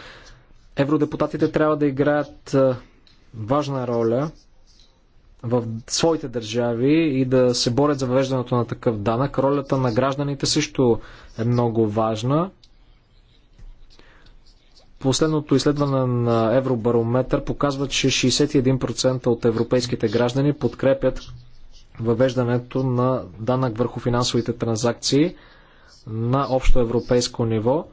Speaker 5: Евродепутатите трябва да играят важна роля в своите държави и да се борят за въвеждането на такъв данък. Ролята на гражданите също е много важна. Последното изследване на Евробарометър показва, че 61% от европейските граждани подкрепят въвеждането на данък върху финансовите транзакции на общо европейско ниво.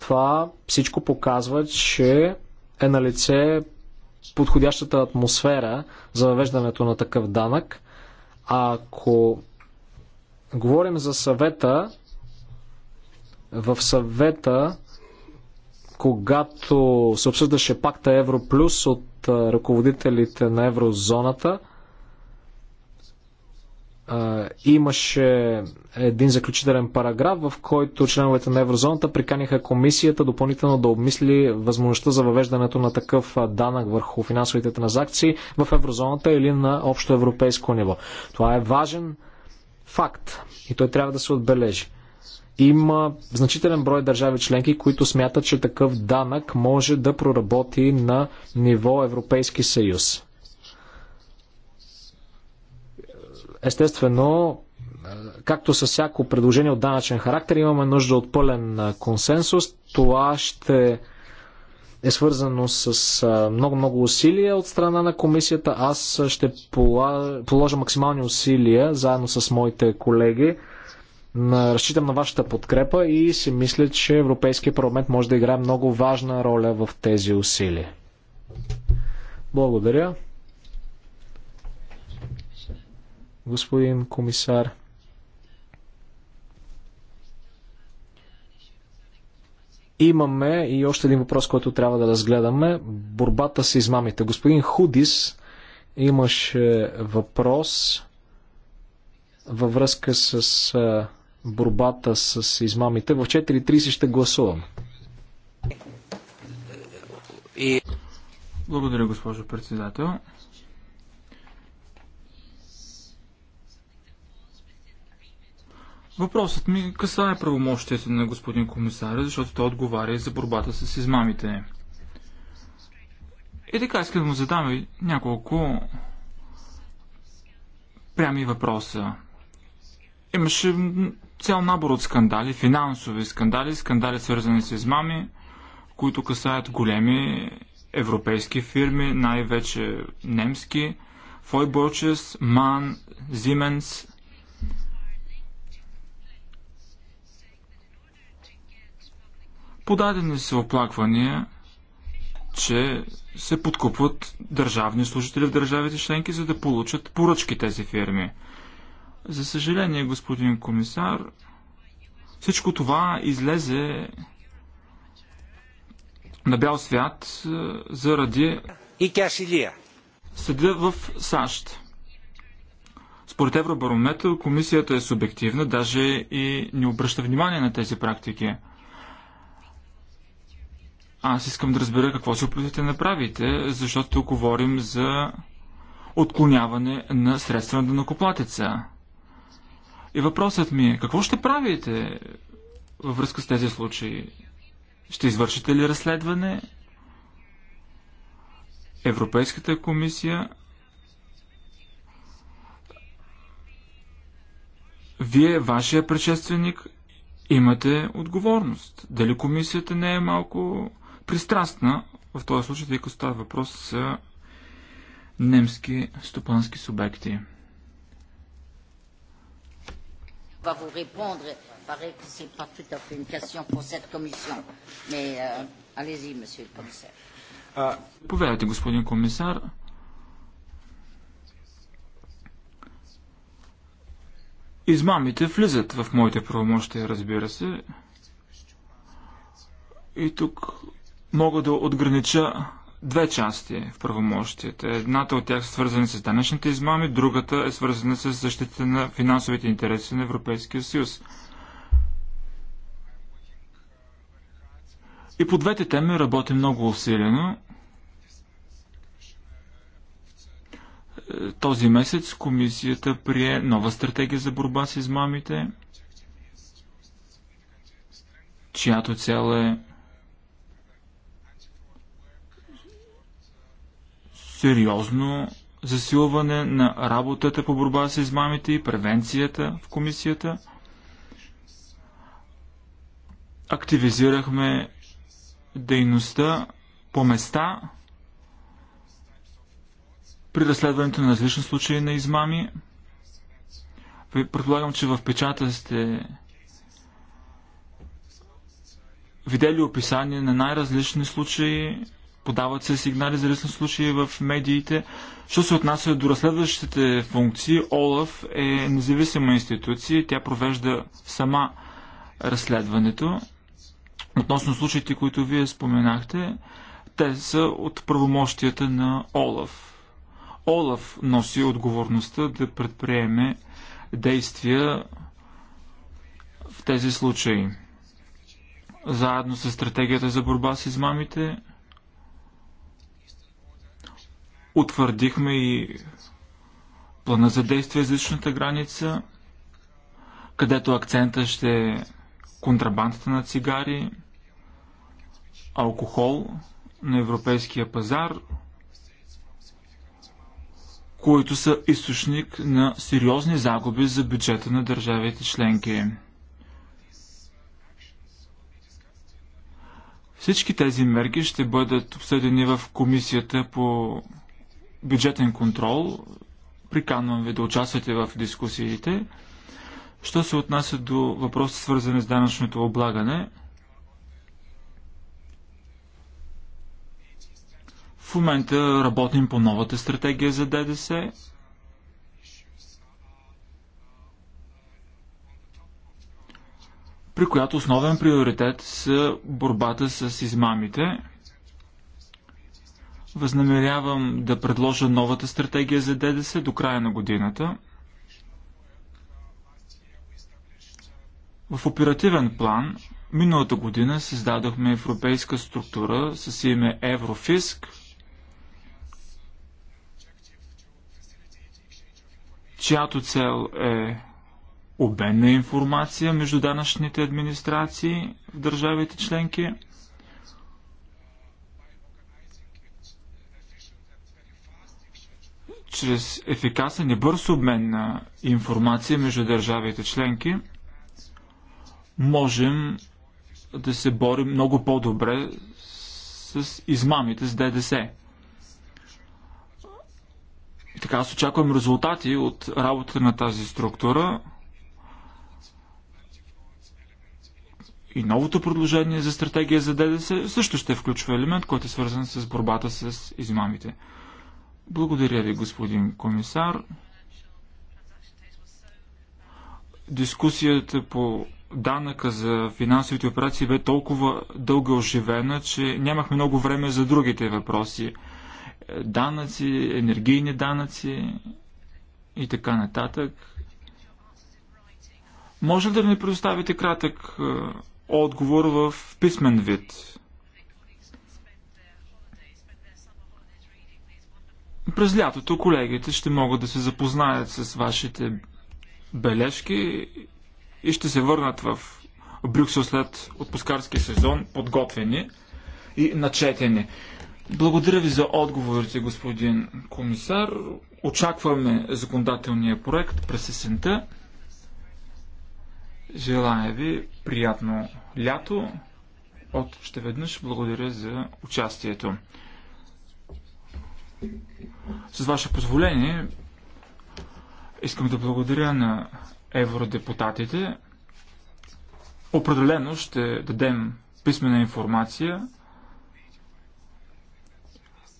Speaker 5: Това всичко показва, че е на лице подходящата атмосфера за въвеждането на такъв данък. А ако говорим за съвета, в съвета когато се обсъждаше пакта Европлюс от ръководителите на еврозоната, имаше един заключителен параграф, в който членовете на еврозоната приканиха комисията допълнително да обмисли възможността за въвеждането на такъв данък върху финансовите транзакции в еврозоната или на общо европейско ниво. Това е важен факт и той трябва да се отбележи. Има значителен брой държави членки, които смятат, че такъв данък може да проработи на ниво Европейски съюз. Естествено, както с всяко предложение от данъчен характер, имаме нужда от пълен консенсус. Това ще е свързано с много-много усилия от страна на комисията. Аз ще положа максимални усилия заедно с моите колеги Разчитам на вашата подкрепа и си мисля, че Европейския парламент може да играе много важна роля в тези усилия. Благодаря. Господин комисар. Имаме и още един въпрос, който трябва да разгледаме. Борбата с измамите. Господин Худис имаше въпрос във връзка с борбата с измамите. В 4.30 ще гласувам.
Speaker 4: Благодаря, госпожо председател. Въпросът ми касае правомощите на господин комисаря, защото той отговаря за борбата с измамите. И така искам да му задам няколко прями въпроса. Имаше цял набор от скандали, финансови скандали, скандали свързани с измами, които касаят големи европейски фирми, най-вече немски, Фойбочес, Ман, Зименс. Подадени са оплаквания, че се подкупват държавни служители в държавите членки, за да получат поръчки тези фирми – за съжаление, господин комисар, всичко това излезе на бял свят е, заради съда в САЩ. Според Евробарометър комисията е субективна, даже и не обръща внимание на тези практики. Аз искам да разбера какво се опитвате да направите, защото говорим за отклоняване на средства на накоплатеца. И въпросът ми е, какво ще правите във връзка с тези случаи? Ще извършите ли разследване? Европейската комисия Вие, вашия предшественик, имате отговорност. Дали комисията не е малко пристрастна в този случай, тъй като става въпрос с немски стопански субекти?
Speaker 2: va vous répondre. Il paraît que ce n'est pas tout à fait une question pour cette commission. Mais euh, allez-y, monsieur le commissaire.
Speaker 4: Повярвайте, господин комисар. Измамите влизат в моите правомощия, разбира се. И тук мога да отгранича две части в правомощията. Едната от тях е свързана с данъчните измами, другата е свързана с защита на финансовите интереси на Европейския съюз. И по двете теми работи много усилено. Този месец комисията прие нова стратегия за борба с измамите, чиято цел е сериозно засилване на работата по борба с измамите и превенцията в комисията. Активизирахме дейността по места при разследването на различни случаи на измами. Предполагам, че в печата сте видели описание на най-различни случаи подават се сигнали за лесно случаи в медиите. Що се отнася до разследващите функции, ОЛАФ е независима институция. Тя провежда сама разследването. Относно случаите, които вие споменахте, те са от правомощията на ОЛАФ. ОЛАФ носи отговорността да предприеме действия в тези случаи. Заедно с стратегията за борба с измамите, Утвърдихме и плана за действие за личната граница, където акцента ще е контрабандата на цигари, алкохол на европейския пазар, които са източник на сериозни загуби за бюджета на държавите членки. Всички тези мерки ще бъдат обсъдени в Комисията по бюджетен контрол. Приканвам ви да участвате в дискусиите. Що се отнася до въпроса, свързани с данъчното облагане, в момента работим по новата стратегия за ДДС. при която основен приоритет са борбата с измамите – Възнамерявам да предложа новата стратегия за ДДС до края на годината. В оперативен план миналата година създадохме европейска структура с име Еврофиск, чиято цел е обмен на информация между данъчните администрации в държавите членки – чрез ефикасен и бърз обмен на информация между държавите членки, можем да се борим много по-добре с измамите с ДДС. И така, аз очаквам резултати от работата на тази структура. И новото предложение за стратегия за ДДС също ще включва елемент, който е свързан с борбата с измамите. Благодаря ви, господин комисар. Дискусията по данъка за финансовите операции бе толкова дълга оживена, че нямахме много време за другите въпроси. Е, данъци, енергийни данъци и така нататък. Може ли да ми предоставите кратък е, отговор в писмен вид? През лятото колегите ще могат да се запознаят с вашите бележки и ще се върнат в Брюксел след отпускарски сезон, подготвени и начетени. Благодаря ви за отговорите, господин комисар. Очакваме законодателния проект през есента. Желая ви приятно лято. От ще веднъж благодаря за участието. С ваше позволение, искам да благодаря на евродепутатите. Определено ще дадем писмена информация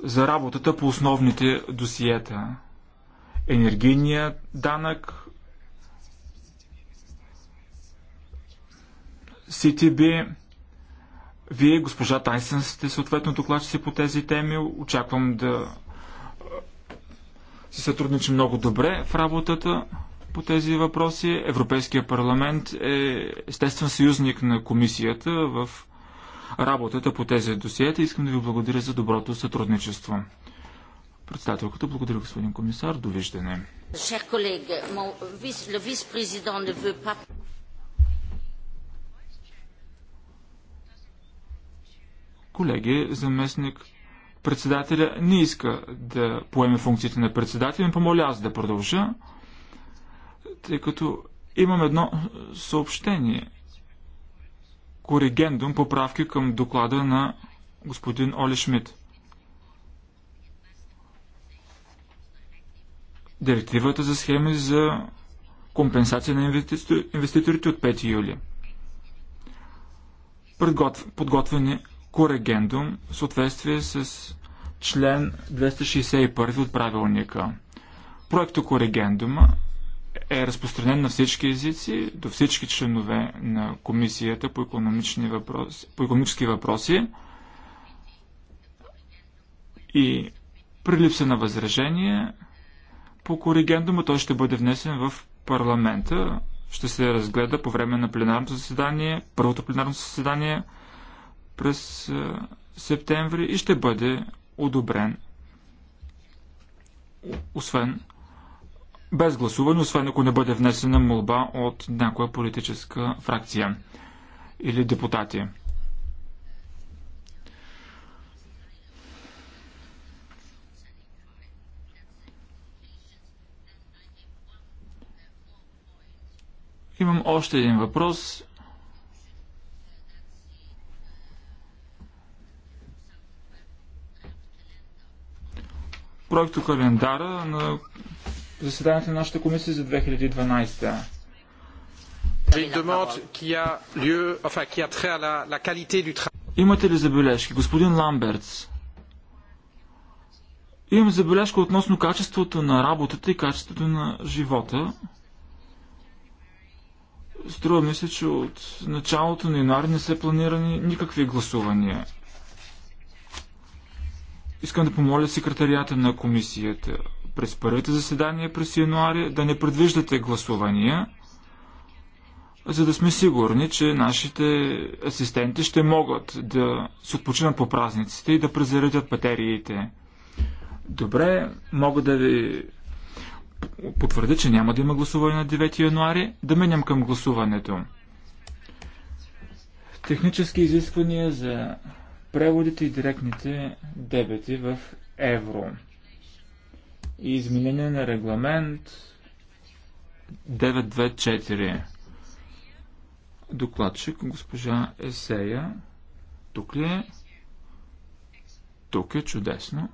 Speaker 4: за работата по основните досиета. Енергийния данък, CTB, вие, госпожа Тайсън, сте съответно докладчици по тези теми. Очаквам да се сътрудничи много добре в работата по тези въпроси. Европейския парламент е естествен съюзник на комисията в работата по тези досиета. Искам да ви благодаря за доброто сътрудничество. Председателката, благодаря господин комисар. Довиждане. Колеги, заместник Председателя не иска да поеме функциите на председател, ми помоля аз да продължа, тъй като имам едно съобщение. Коригендум поправки към доклада на господин Оли Шмидт. Директивата за схеми за компенсация на инвеститорите от 5 юли. Подготвени корегендум в съответствие с член 261 от правилника. Проекто корегендума е разпространен на всички езици, до всички членове на Комисията по, въпроси, по економически въпроси и при липса на възражение по коригендума той ще бъде внесен в парламента, ще се разгледа по време на пленарното заседание, първото пленарно заседание – през е, септември и ще бъде одобрен. Освен без гласуване, освен ако не бъде внесена молба от някоя политическа фракция или депутати. Имам още един въпрос проекто календара на заседанието на нашата комисия за 2012. Имате ли забележки? Господин Ламбертс. Имам забележка относно качеството на работата и качеството на живота. Струва ми се, че от началото на януари не са планирани никакви гласувания. Искам да помоля секретарията на комисията през първите заседания през януари да не предвиждате гласувания, за да сме сигурни, че нашите асистенти ще могат да се отпочинат по празниците и да презаредят батериите. Добре, мога да ви потвърдя, че няма да има гласуване на 9 януари. Да минем към гласуването. Технически изисквания за преводите и директните дебети в евро и изменение на регламент 924. Докладчик госпожа Есея. Тук ли е? Тук е чудесно.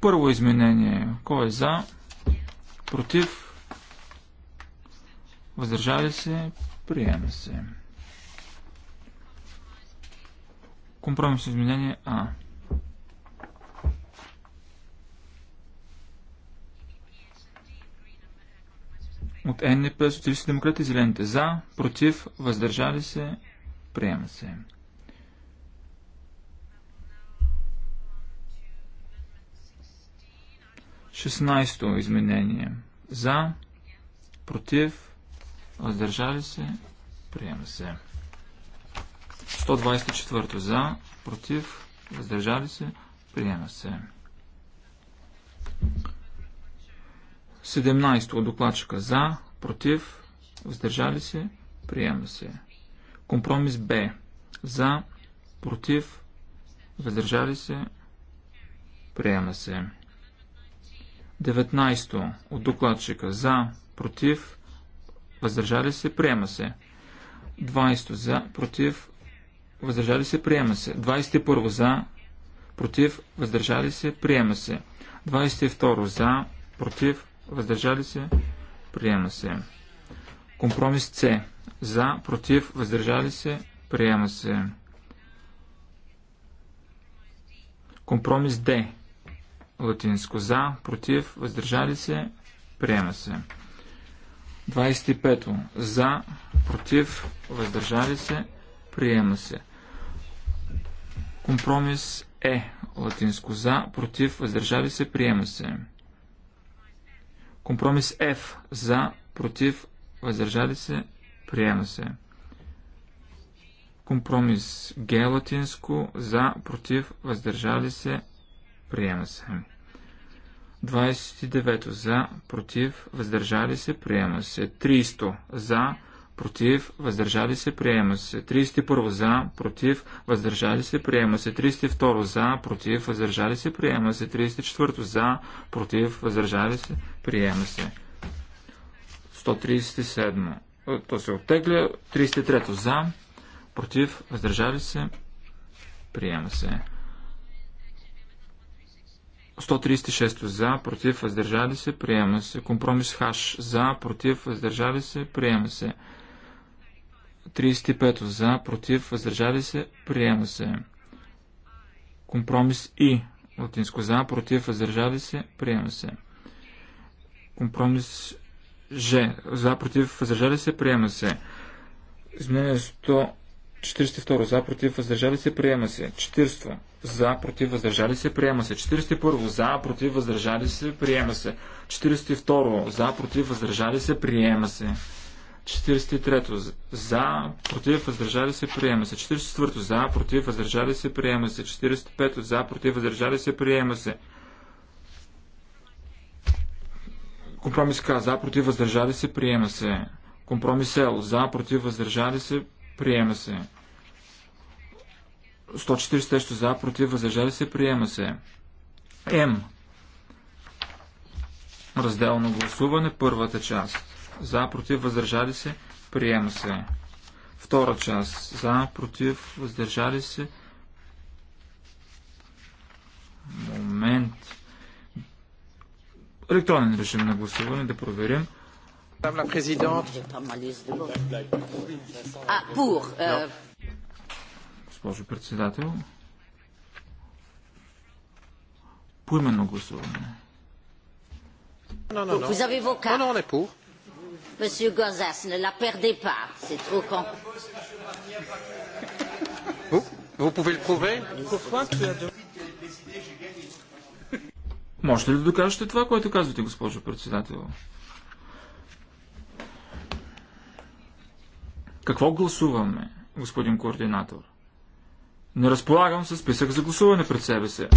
Speaker 4: Първо изменение. Кой е за? против, въздържали се, приема се. Компромис, изменение А. От НП, Социалисти демократи, зелените за, против, въздържали се, приема се. 16-то изменение. За, против, въздържали се, приема се. 124 за, против, въздържали се, приема се. 17 от докладчика за, против, въздържали се, приема се. Компромис Б. За, против, въздържали се, приема се. 19 от докладчика за, против, въздържали се, приема се. 20 за, против, въздържали се, приема се. 21 за, против, въздържали се, приема се. 22 за, против, въздържали се, приема се. Компромис С. За, против, въздържали се, приема се. Компромис Д латинско. За, против, въздържали се, приема се. 25. За, против, въздържали се, приема се. Компромис Е. Латинско за, против, въздържали се, приема се. Компромис Ф. За, против, въздържали се, приема се. Компромис Г. Латинско за, против, въздържали се, приема се. 29 за, против, въздържали се, приема се. 300 за, против, въздържали се, приема се. 31 за, против, въздържали се, приема се. 32 за, против, въздържали се, приема се. 34 за, против, въздържали се, приема се. 137. Е, то се оттегля. 33 за, против, въздържали се, приема се. 136 за, против, въздържали се, приема се. Компромис хаш за, против, въздържали се, приема се. 35 за, против, въздържали се, приема се. Компромис и латинско за, против, въздържали се, приема се. Компромис Ж. За, против, въздържали се, приема се. Изменение 142. За, против, въздържали се, приема се. 40 за, против, въздържали се, приема се. 41. За, против, въздържали се, приема се. 42. За, против, въздържали се, приема се. 43. За, против, въздържали се, приема се. 44. За, против, въздържали се, приема се. 45. За, против, въздържали се, приема се. Компромис К. За, против, въздържали се, приема се. Компромис Л. За, против, въздържали се, приема се. 140 за, против, въздържали се, приема се. М. Разделно гласуване, първата част. За, против, въздържали се, приема се. Втора част. За, против, въздържали се. Момент. Електронен режим на гласуване, да проверим.
Speaker 2: Madame la Présidente. Ah, pour. Euh
Speaker 4: госпожо председател. Поименно гласуване. Можете ли да докажете това, което казвате, госпожо председател? Какво гласуваме, господин координатор? Не разполагам със списък за гласуване пред себе си.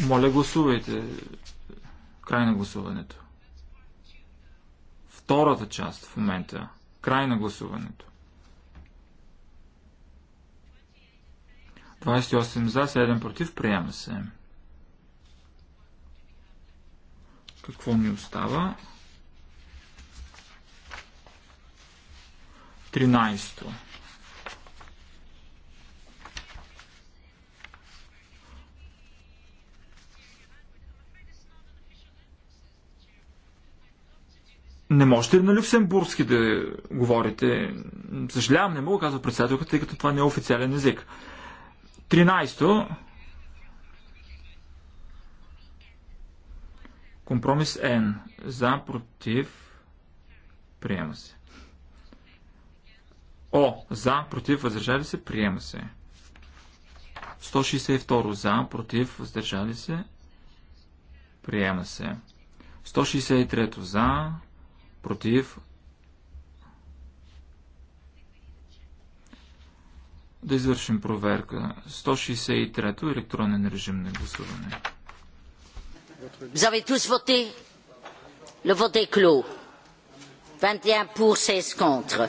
Speaker 4: Моля, гласувайте. Край на гласуването. Втората част в момента. Край на гласуването. 28 за, 7 против. Приема се. Какво ни остава? 13. Не можете ли на люксембургски да говорите? Съжалявам, не мога, казва председателката, тъй като това не е официален език. 13. Компромис Н. За, против, приема се. О, за, против, въздържали се, приема се. 162 за, против, въздържали се, приема се. 163 за, против, да извършим проверка. 163-то електронен режим на гласуване.
Speaker 2: Vous avez tous voté Le vote est clos. 21 pour, 6 contre.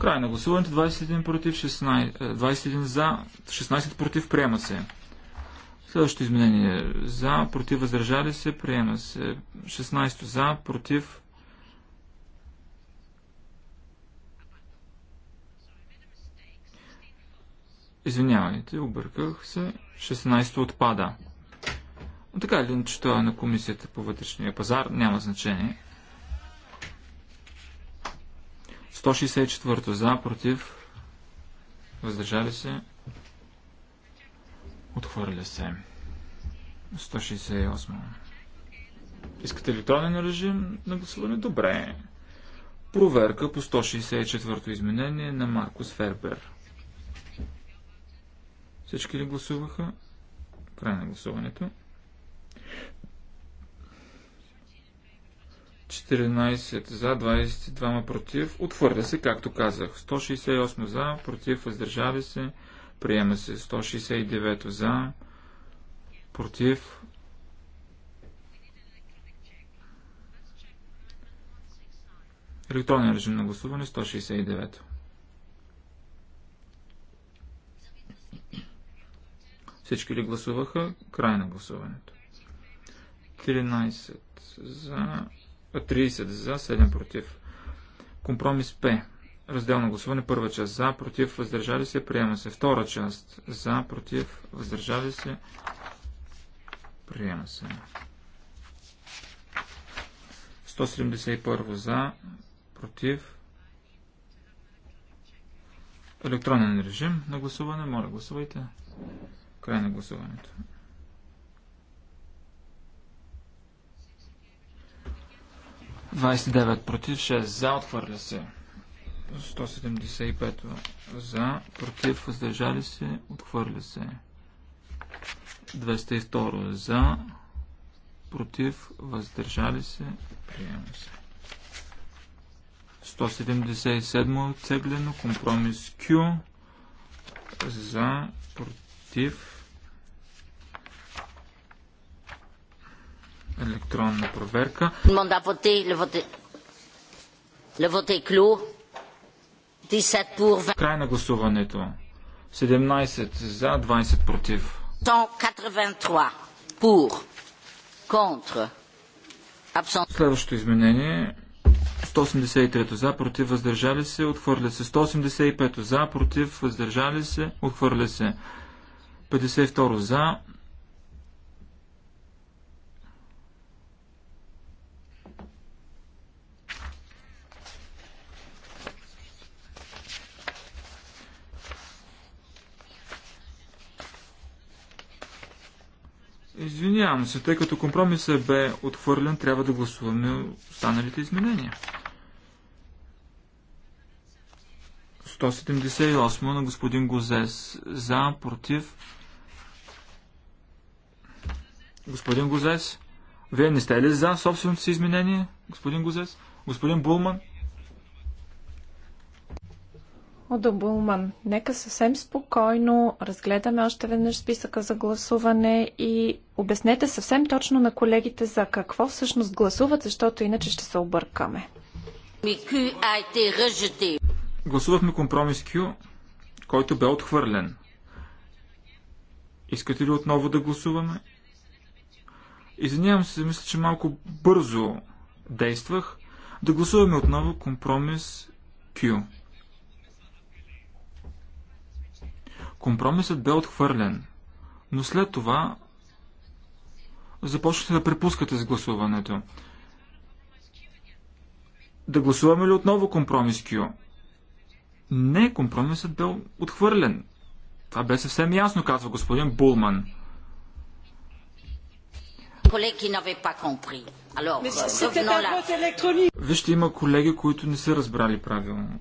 Speaker 2: Край на гласуването
Speaker 4: 21 против 16, 21 е, за, 16 против приема се. Следващото изменение е за, против въздържали се, приема се. 16 за, против Извинявайте, обърках се. 16 отпада. Но така ли, че това е на комисията по вътрешния пазар. Няма значение. 164 за, против, въздържали се, отхвърля се. 168. Искате електронен режим на гласуване? Добре. Проверка по 164 изменение на Маркус Фербер. Всички ли гласуваха? Край на гласуването. 14 за, 22 против. Отвърля се, както казах. 168 за, против, въздържали се. Приема се 169 за, против. Електронен режим на гласуване 169. Всички ли гласуваха? Край на гласуването. 13 за... 30 за, 7 против. Компромис П. Разделно гласуване. Първа част за, против, въздържали се, приема се. Втора част за, против, въздържали се, приема се. 171 за, против. Електронен режим на гласуване. Моля, гласувайте. Край на гласуването. Двадесет против, 6 за, отхвърля се. 175 за, против, въздържали се, отхвърля се. 202 за, против, въздържали се, приема се. 177 оттеглено, компромис Q, за, против, електронна проверка. Край на гласуването. 17 за, 20 против.
Speaker 2: 183 pour. Contre. Absent.
Speaker 4: Следващото изменение 183 за, против, въздържали се, отхвърля се. 185 за, против, въздържали се, отхвърля се. 52 за, Извинявам се, тъй като компромисът бе отхвърлен, трябва да гласуваме останалите изменения. 178 на господин Гозес. За, против. Господин Гозес, вие не сте ли за собственото си изменение, господин Гозес? Господин Булман?
Speaker 3: Удо нека съвсем спокойно разгледаме още веднъж списъка за гласуване и обяснете съвсем точно на колегите за какво всъщност гласуват, защото иначе ще се объркаме.
Speaker 4: Гласувахме компромис Q, който бе отхвърлен. Искате ли отново да гласуваме? Извинявам се, мисля, че малко бързо действах. Да гласуваме отново компромис Q. Компромисът бе отхвърлен, но след това започнахте да препускате с гласуването. Да гласуваме ли отново компромис Q? Не, компромисът бе отхвърлен. Това бе съвсем ясно, казва господин Булман. Вижте, има колеги, които не са разбрали правилно.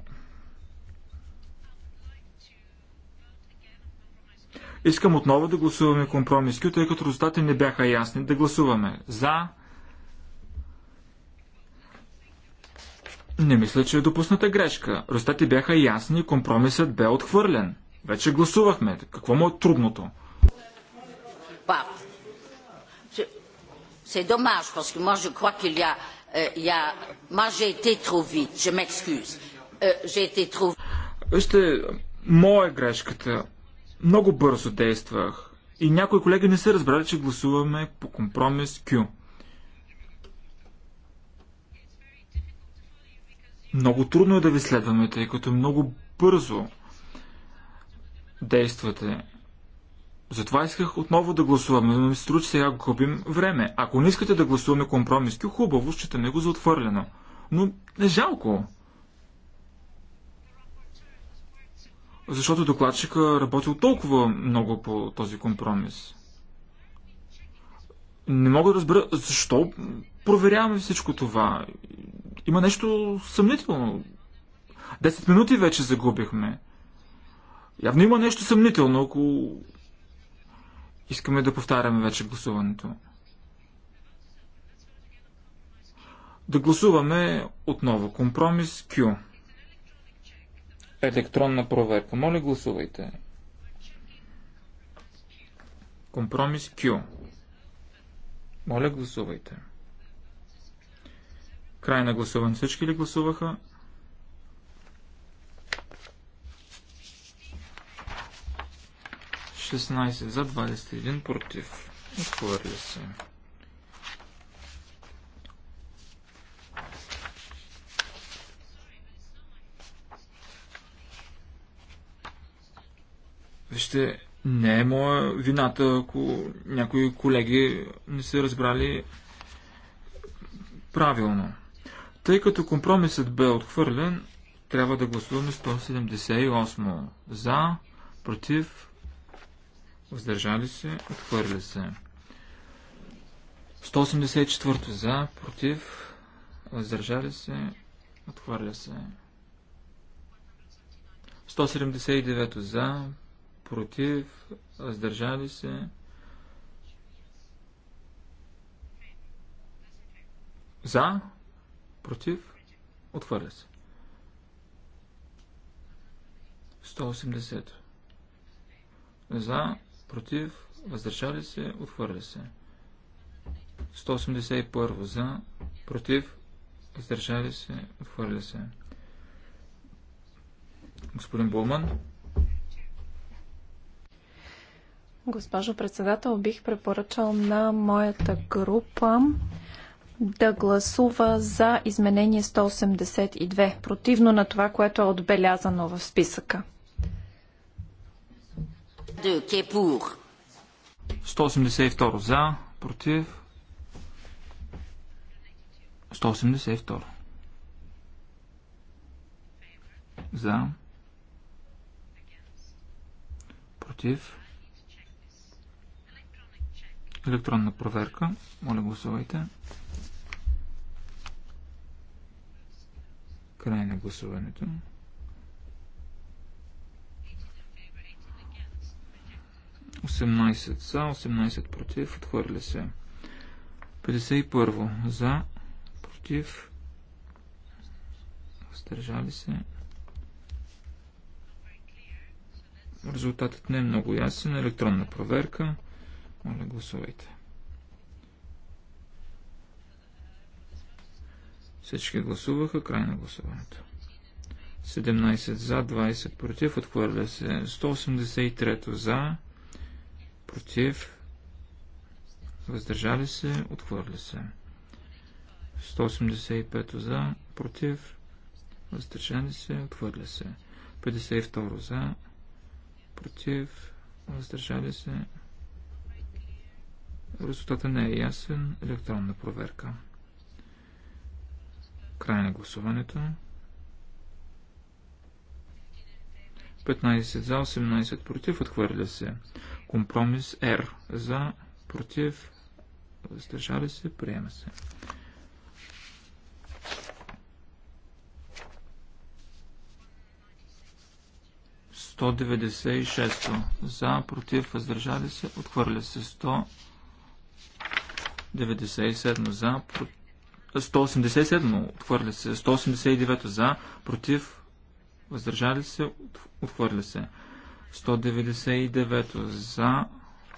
Speaker 4: Искам отново да гласуваме компромис Q, тъй като резултатите не бяха ясни. Да гласуваме за. Не мисля, че е допусната грешка. Резултатите бяха ясни и компромисът бе отхвърлен. Вече гласувахме. Какво му е трудното?
Speaker 2: Пап, се домаш, защото може je е, я... Я... Може a, euh, il y a...
Speaker 4: moi Моя е грешката. Много бързо действах. И някои колеги не са разбрали, че гласуваме по компромис Q. Много трудно е да ви следваме, тъй като много бързо действате. Затова исках отново да гласуваме, но ми се струва, че сега губим време. Ако не искате да гласуваме компромис Q, хубаво, считаме го за отвърлено. Но е жалко. Защото докладчика работил толкова много по този компромис. Не мога да разбера защо проверяваме всичко това. Има нещо съмнително. Десет минути вече загубихме. Явно има нещо съмнително, ако искаме да повтаряме вече гласуването. Да гласуваме отново компромис Q електронна проверка. Моля, гласувайте. Компромис Q. Моля, гласувайте. Край на гласуване. Всички ли гласуваха? Шестнайсет за 21 против. Отхвърля се. Вижте, не е моя вината, ако някои колеги не са разбрали правилно. Тъй като компромисът бе отхвърлен, трябва да гласуваме 178 за, против, въздържали се, отхвърля се. 184 за, против, въздържали се, отхвърля се. 179 за, против, раздържали се. За, против, отвърля се. 180. За, против, въздържали се, отвърля се. 181. За, против, въздържали се, отхвърля се. Господин Болман.
Speaker 3: Госпожо председател, бих препоръчал на моята група да гласува за изменение 182, противно на това, което е отбелязано в списъка.
Speaker 4: 182 е за, против 182 за против Електронна проверка. Моля гласувайте. Край на гласуването. Осемнайсет за, 18 против, отхвърля се. 51 за, против, въздържали се. Резултатът не е много ясен. Електронна проверка. Моля, гласувайте. Всички гласуваха. Край на гласуването. 17 за, 20 против. Отхвърля се. 183 за, против. Въздържали се. Отхвърля се. 185 за, против. Въздържали се. Отхвърля се. 52 за, против. Въздържали се. Резултата не е ясен. Електронна проверка. Край на гласуването. 15 за, 18 против. Отхвърля се. Компромис Р. За, против. Въздържали се. Приема се. Сто за, против, въздържали се, отхвърля се. 100 97 за, 187 отхвърли се, 189 за, против, въздържали се, отхвърли се, 199 за,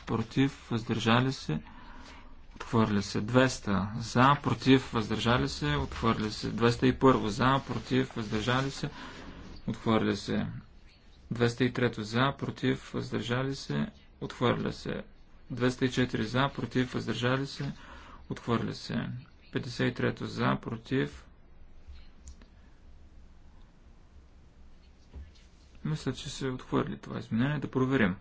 Speaker 4: против, въздържали се, отхвърли се, 200 за, против, въздържали се, отхвърли се, 201 за, против, въздържали се, отхвърли се, 203 за, против, въздържали се, отхвърли се, 204 за, против, въздържали се, се, Отхвърля се. 53-то за, против. Мисля, че се отхвърли това изменение. Да проверим.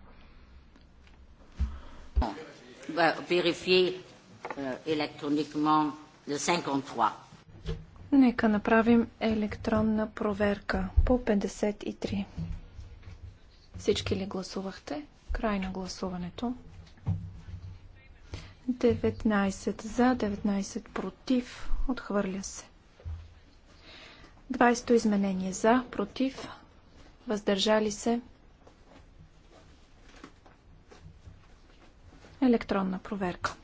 Speaker 2: Верифи 53. Euh,
Speaker 3: Нека направим електронна проверка по 53. Всички ли гласувахте? Край на гласуването. 19 за, 19 против. Отхвърля се. 20 изменение за, против. Въздържали се. Електронна проверка.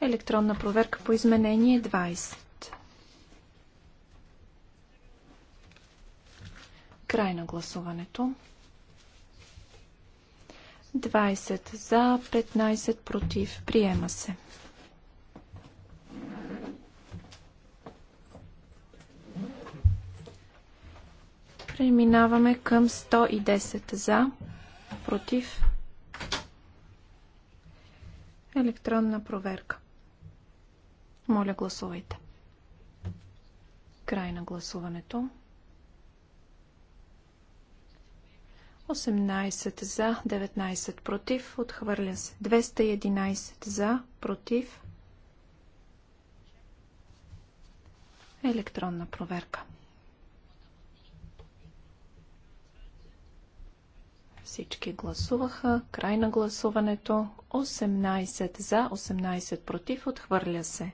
Speaker 3: Електронна проверка по изменение 20. Край на гласуването. 20 за, 15 против. Приема се. Преминаваме към 110 за, против. Електронна проверка. Моля, гласувайте. Край на гласуването. 18 за, 19 против, отхвърля се. 211 за, против. Електронна проверка. Всички гласуваха. Край на гласуването. 18 за, 18 против, отхвърля се.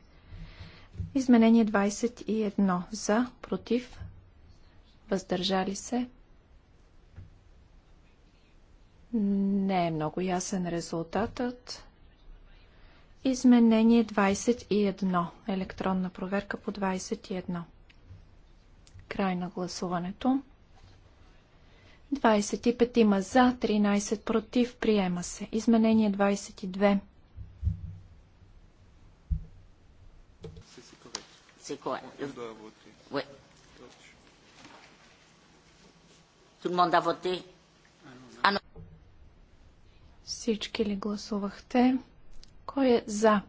Speaker 3: Изменение 21 за, против, въздържали се, не е много ясен резултатът. Изменение 21. Електронна проверка по 21. Край на гласуването. 25 има за, 13 против, приема се. Изменение 22.
Speaker 4: C'est quoi
Speaker 2: Tout le monde a voté
Speaker 3: всички ли гласувахте? Кой е за?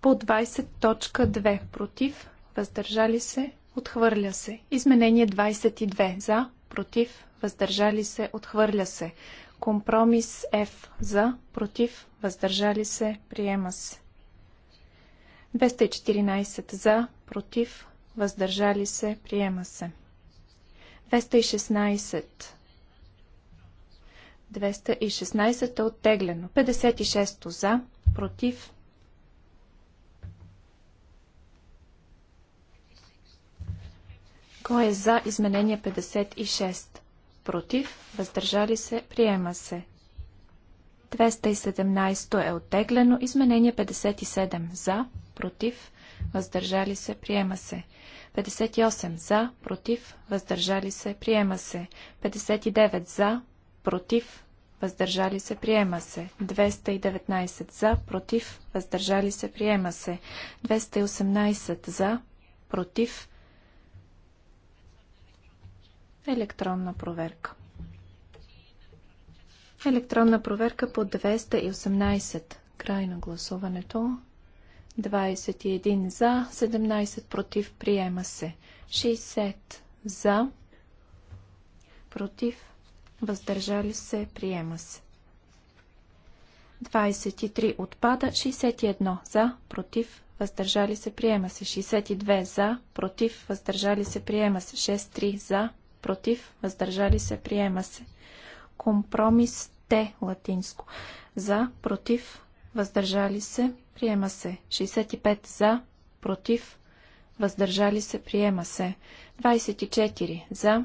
Speaker 3: По 20.2 против, въздържали се, отхвърля се. Изменение 22 за, против, въздържали се, отхвърля се. Компромис F за, против, въздържали се, приема се. 214 за, против, въздържали се, приема се. 216. 216 е оттеглено. 56 за, против. 56. Кой е за изменение 56? Против, въздържали се, приема се. 217 е оттеглено. Изменение 57 за, против, въздържали се, приема се. 58 за, против, въздържали се, приема се. 59 за, против, въздържали се, приема се. 219 за, против, въздържали се, приема се. 218 за, против, електронна проверка. Електронна проверка по 218. Край на гласуването. 21 за, 17 против, приема се. 60 за, против, въздържали се, приема се. 23 отпада, 61 за, против, въздържали се, приема се. 62 за, против, въздържали се, приема се. 63 за, против, въздържали се, приема се. Компромис Т латинско. За, против, въздържали се, Приема се. 65 за, против, въздържали се, приема се. 24 за.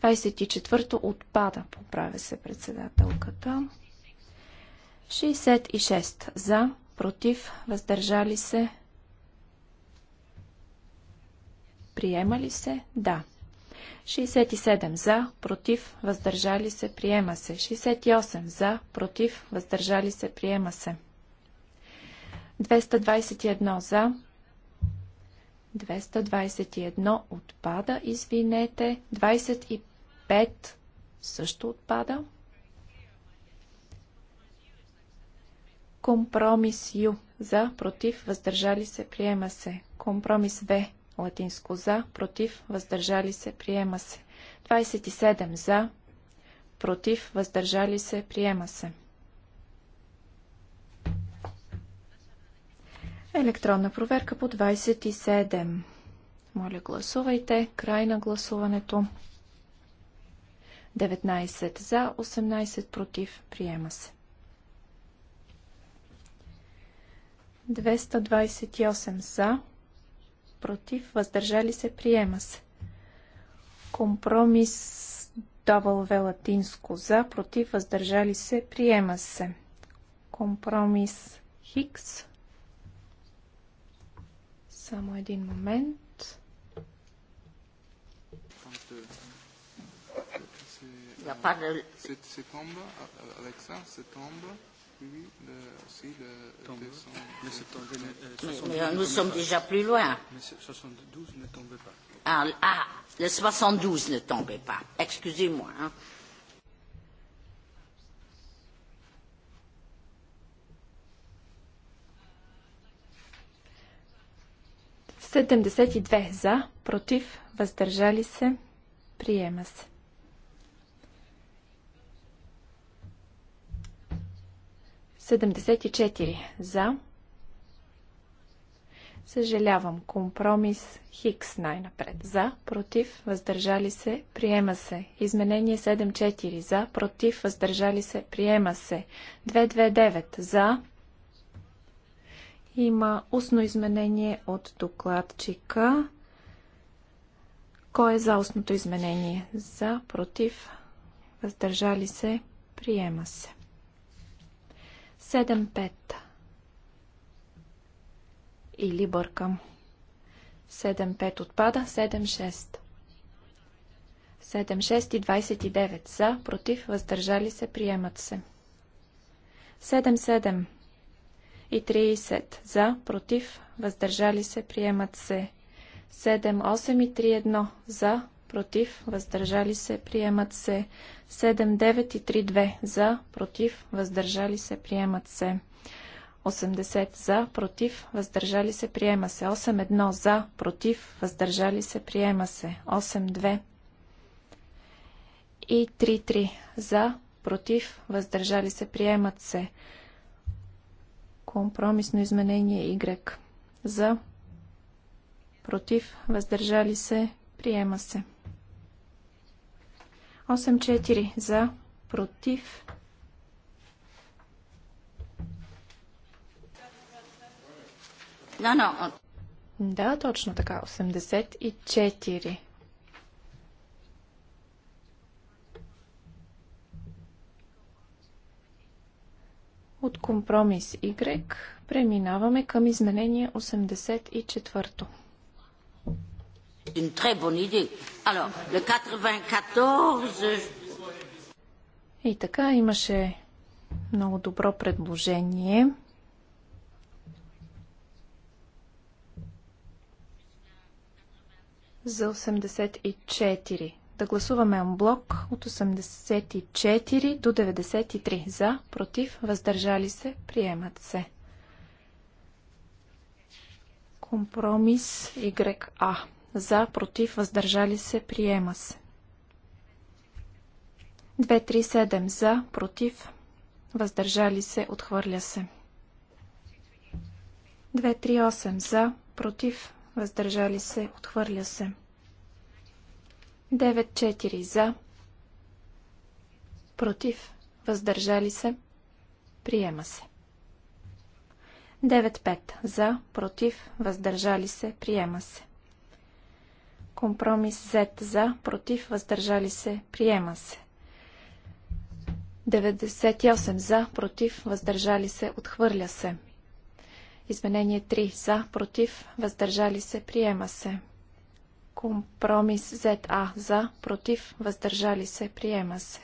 Speaker 3: 24 отпада, поправя се председателката. 66 за, против, въздържали се. Приема ли се? Да. 67 за, против, въздържали се, приема се. 68 за, против, въздържали се, приема се. 221 за. 221 отпада, извинете. 25 също отпада. Компромис Ю. За, против, въздържали се, приема се. Компромис В. Латинско за, против, въздържали се, приема се. 27 за, против, въздържали се, приема се. Електронна проверка по 27. Моля, гласувайте. Край на гласуването. 19 за, 18 против. Приема се. 228 за, против, въздържали се, приема се. Компромис W латинско за, против, въздържали се, приема се. Компромис Хикс само един момент.
Speaker 1: Il n'y de... C'est tombe, Alexa, c'est tombe. Oui, le, aussi le tombe. Mais, tombe, mais,
Speaker 2: mais nous sommes déjà plus loin.
Speaker 4: Mais 72 ne tombait pas.
Speaker 2: Ah, ah, le 72 ne tombait pas. Excusez-moi. Hein.
Speaker 3: 72 за, против, въздържали се, приема се. Седемдесет и четири за. Съжалявам. Компромис Хикс най-напред. За, против, въздържали се, приема се. Изменение 7-4. За, против, въздържали се, приема се. 2-2-9. За, има устно изменение от докладчика. Кой е за устното изменение? За, против, въздържали се, приема се. 7-5 или бъркам. 7-5 отпада, 7-6. 7-6 и 29 за, против, въздържали се, приемат се. 7-7 и 30 за, против, въздържали се, приемат се. 7, 8 и 3, 1 за, против, въздържали се, приемат се. 7, 9 и 3, 2 за, против, въздържали се, приемат се. 80 за, против, въздържали се, приема се. 8-1 за, против, въздържали се, приема се. 8-2 и 3-3 за, против, въздържали се, приемат се. Компромисно изменение Y. За. Против. Въздържали се. Приема се. 8-4. За. Против. Да, Да, точно така. 84. От компромис Y преминаваме към изменение 84-то.
Speaker 2: Une très bonne idée. Alors, le 94...
Speaker 3: И така имаше много добро предложение. за 84. Да гласуваме блок от 84 до 93. За, против, въздържали се, приемат се. Компромис YA. За, против, въздържали се, приема се. 237 за, против, въздържали се, отхвърля се. 238 за, против, въздържали се, отхвърля се. 9-4 за. Против. Въздържали се. Приема се. 9-5 за. Против. Въздържали се. Приема се. Компромис Z за. Против. Въздържали се. Приема се. 98 за. Против. Въздържали се. Отхвърля се. Изменение 3 за. Против. Въздържали се. Приема се. Компромис ЗА за, против, въздържали се, приема се.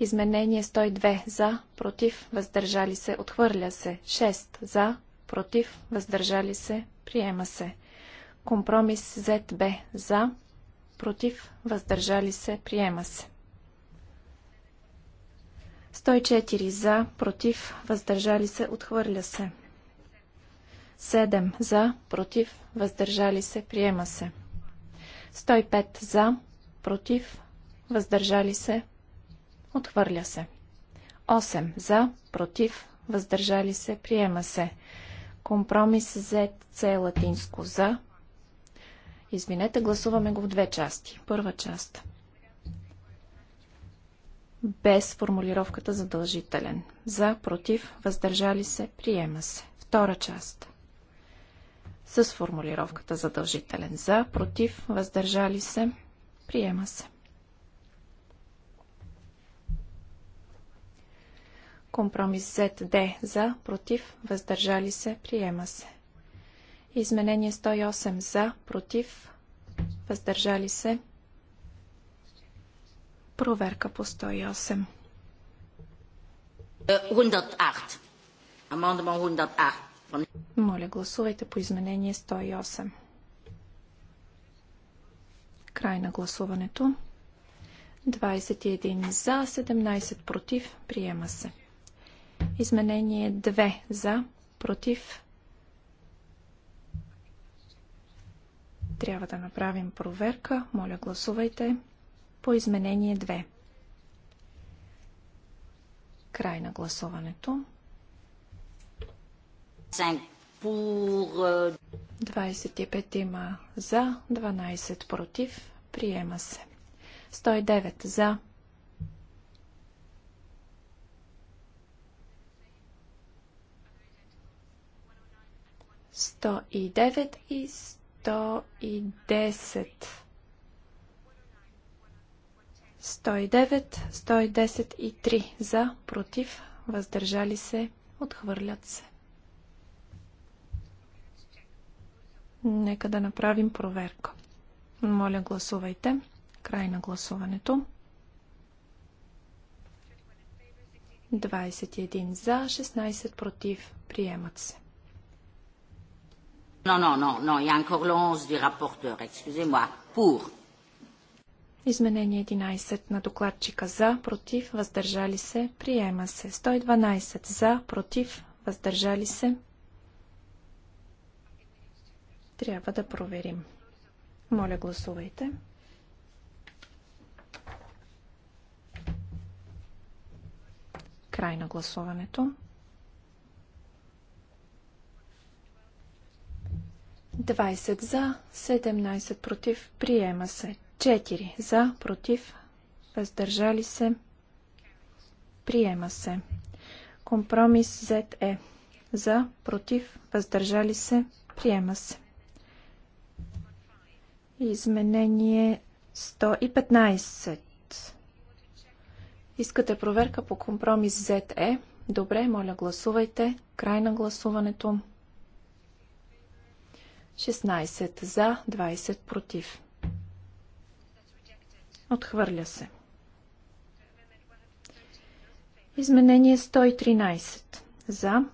Speaker 3: Изменение 102 за, против, въздържали се, отхвърля се. 6 за, против, въздържали се, приема се. Компромис ЗБ за, против, въздържали се, приема се. 104 за, против, въздържали се, отхвърля се. 7 за, против, въздържали се, приема се. 105 за, против, въздържали се, отхвърля се. 8 за, против, въздържали се, приема се. Компромис Z, C латинско за. Извинете, гласуваме го в две части. Първа част. Без формулировката задължителен. За, против, въздържали се, приема се. Втора част с формулировката задължителен за, против, въздържали се, приема се. Компромис ZD за, против, въздържали се, приема се. Изменение 108 за, против, въздържали се. Проверка по 108. 108.
Speaker 2: Amendement 108.
Speaker 3: Моля, гласувайте по изменение 108. Край на гласуването. 21 за, 17 против. Приема се. Изменение 2 за, против. Трябва да направим проверка. Моля, гласувайте по изменение 2. Край на гласуването.
Speaker 2: 25
Speaker 3: euh, има за, 12 против. Приема се. 109 за. Сто и девет и сто и десет. Сто и девет, сто и десет и три за, против, въздържали се, отхвърлят се. Нека да направим проверка. Моля, гласувайте. Край на гласуването. 21 за, 16 против. Приемат се.
Speaker 2: Но, но, но, но, il y a encore le 11 du rapporteur,
Speaker 3: Изменение 11 на докладчика за, против, въздържали се, приема се. 112 за, против, въздържали се, трябва да проверим. Моля, гласувайте. Край на гласуването. 20 за, 17 против, приема се. 4 за, против, въздържали се, приема се. Компромис ЗЕ. Е. За, против, въздържали се, приема се. Изменение 115. Искате проверка по компромис ZE? Е? Добре, моля гласувайте. Край на гласуването. 16 за, 20 против. Отхвърля се. Изменение 113. За,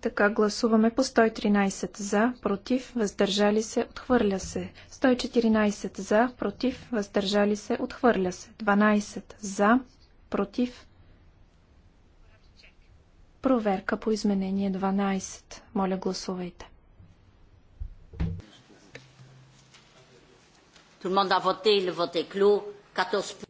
Speaker 3: Така гласуваме по 113 за, против, въздържали се, отхвърля се. 114 за, против, въздържали се, отхвърля се. 12 за, против. Проверка по изменение 12. Моля, гласувайте.
Speaker 2: Tout le monde a voté, il vote clos. 14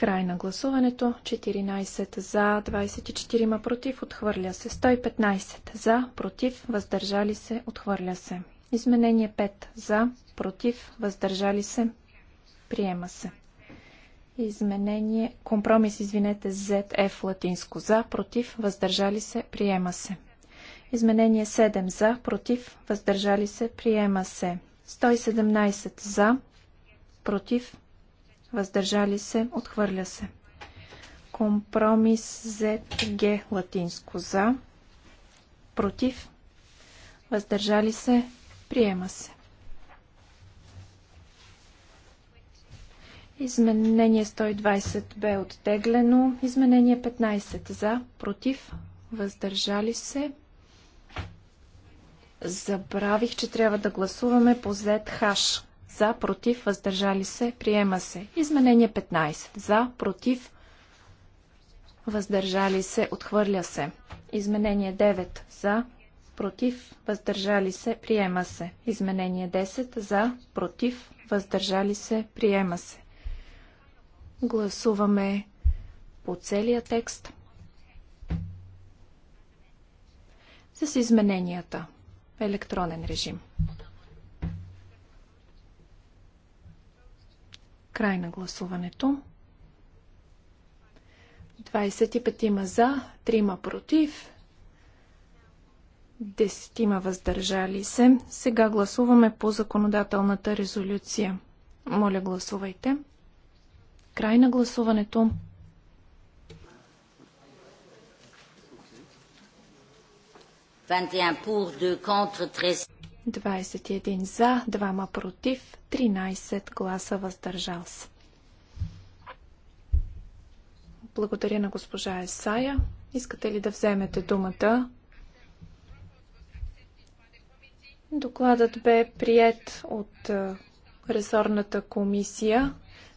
Speaker 3: Край на гласуването. 14 за, 24 против, отхвърля се. 115 за, против, въздържали се, отхвърля се. Изменение 5 за, против, въздържали се, приема се. Изменение, компромис, извинете, ZF латинско за, против, въздържали се, приема се. Изменение 7 за, против, въздържали се, приема се. 117 за, против, въздържали се, отхвърля се. Компромис ZG латинско за, против, въздържали се, приема се. Изменение 120 бе оттеглено. Изменение 15 за, против, въздържали се. Забравих, че трябва да гласуваме по ZH за, против, въздържали се, приема се. Изменение 15. За, против, въздържали се, отхвърля се. Изменение 9. За, против, въздържали се, приема се. Изменение 10. За, против, въздържали се, приема се. Гласуваме по целия текст с измененията. Електронен режим. Край на гласуването. 25 за, 3 против, 10 въздържали се. Сега гласуваме по законодателната резолюция. Моля, гласувайте. Край на гласуването. пур, 2 контр, 13. 21 за, 2 против, 13 гласа въздържал се. Благодаря на госпожа Есая. Искате ли да вземете думата? Докладът бе прият от ресорната комисия.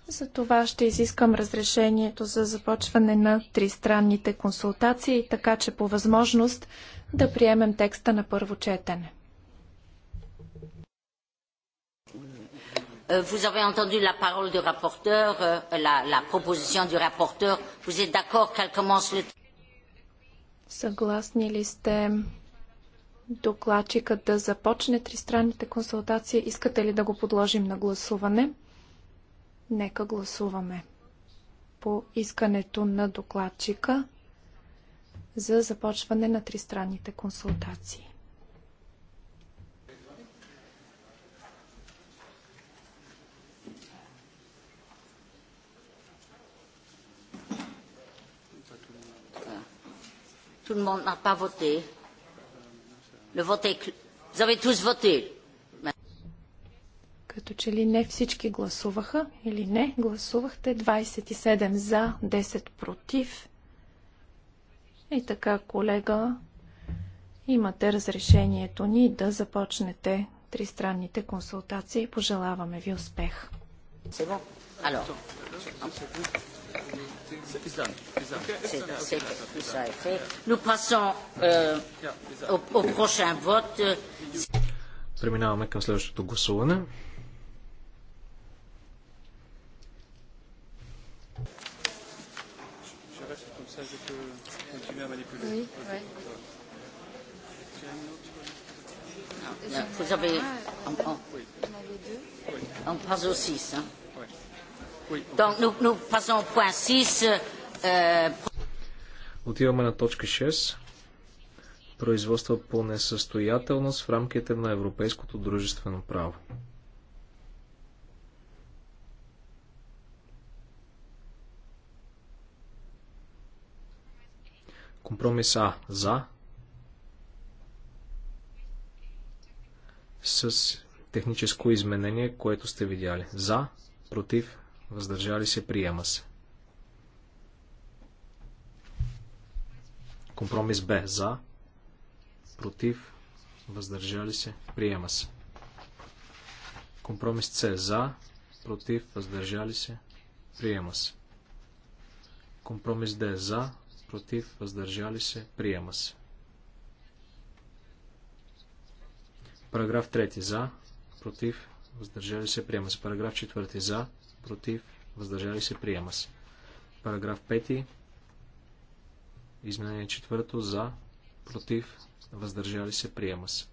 Speaker 3: За това ще изискам разрешението за започване на тристранните консултации, така че по възможност да приемем текста на първо четене.
Speaker 2: Euh, vous avez entendu la parole du rapporteur, euh, la, la proposition du rapporteur. Vous êtes d'accord qu'elle commence le...
Speaker 3: Съгласни ли сте Докладчика да започне тристранните консултации? Искате ли да го подложим на гласуване? Нека гласуваме по искането на докладчика за започване на тристранните консултации.
Speaker 2: Tout le monde n'a pas voté. Le vote est clos. Vous avez tous voté.
Speaker 3: Като че ли не всички гласуваха или не, гласувахте 27 за, 10 против. И така, колега, имате разрешението ни да започнете тристранните консултации. Пожелаваме ви успех.
Speaker 5: Преминаваме към следващото гласуване.
Speaker 2: Vous avez. On, on, on passe au 6. Hein. Donc, nous, nous passons au point 6. Euh...
Speaker 5: Отиваме на точка 6. Производства по несъстоятелност в рамките на Европейското дружествено право. Компромис А. За. С техническо изменение, което сте видяли. За. Против въздържали се, приема се. Компромис Б. За, против, въздържали се, приема се. Компромис С. За, против, въздържали се, приема се. Компромис Д. За, против, въздържали се, приема се. Параграф 3. За, против, въздържали се, приема се. Параграф 4. За, против, въздържали се, приема се. Параграф 5. Изменение 4. За, против, въздържали се, приема се.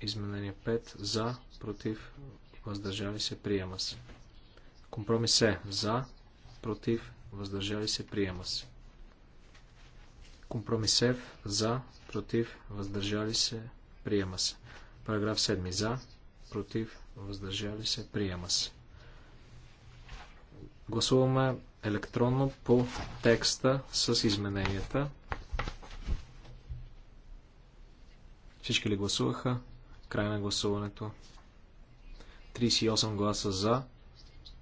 Speaker 5: Изменение 5. За, против, въздържали се, приема се. Компромис е. За, против, въздържали се, приема се. Компромис F. Е. За, против, въздържали се, приема се. Параграф 7. За, против, въздържали се, приема се. Гласуваме електронно по текста с измененията. Всички ли гласуваха? Край на гласуването. 38 гласа за,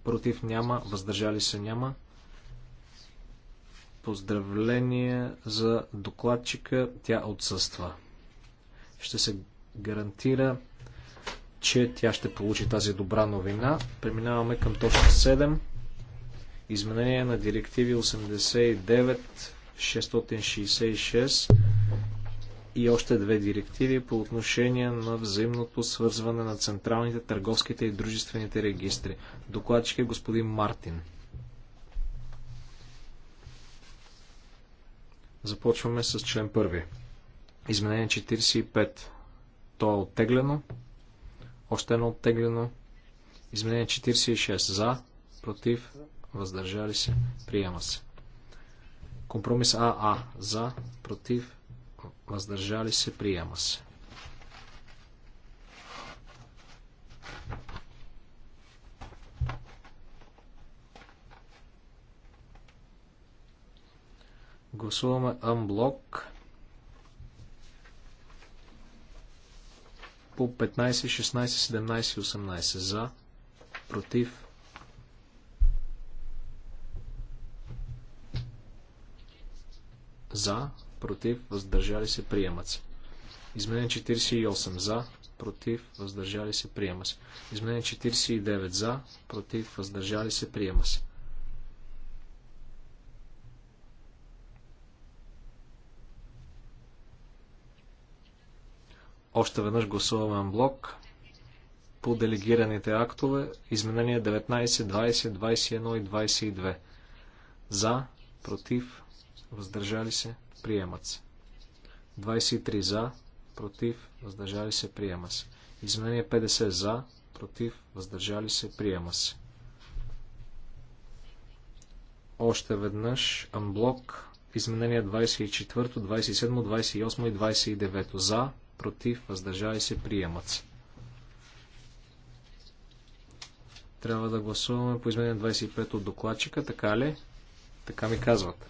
Speaker 5: против няма, въздържали се няма. Поздравление за докладчика, тя отсъства. Ще се гарантира че тя ще получи тази добра новина. Преминаваме към точка 7. Изменение на директиви 89, 666 и още две директиви по отношение на взаимното свързване на централните, търговските и дружествените регистри. Докладчик е господин Мартин. Започваме с член 1. Изменение 45. То е оттеглено. Още едно оттеглено. Изменение 46. За, против, въздържали се, приема се. Компромис АА. За, против, въздържали се, приема се. Гласуваме Unblock по 15, 16, 17 и 18 за, против, за, против, въздържали се, приема се. Изменен 48 за, против, въздържали се, приема се. Изменен 49 за, против, въздържали се, приема се. Още веднъж гласуваме блок по делегираните актове. Изменения 19, 20, 21 и 22. За, против, въздържали се, приемат се. 23 за, против, въздържали се, приема се. Изменение 50 за, против, въздържали се, приема се. Още веднъж, амблок, изменение 24, 27, 28 и 29 за, против, въздържали се, приемат се. Трябва да гласуваме по изменение 25 от докладчика, така ли? Така ми казват.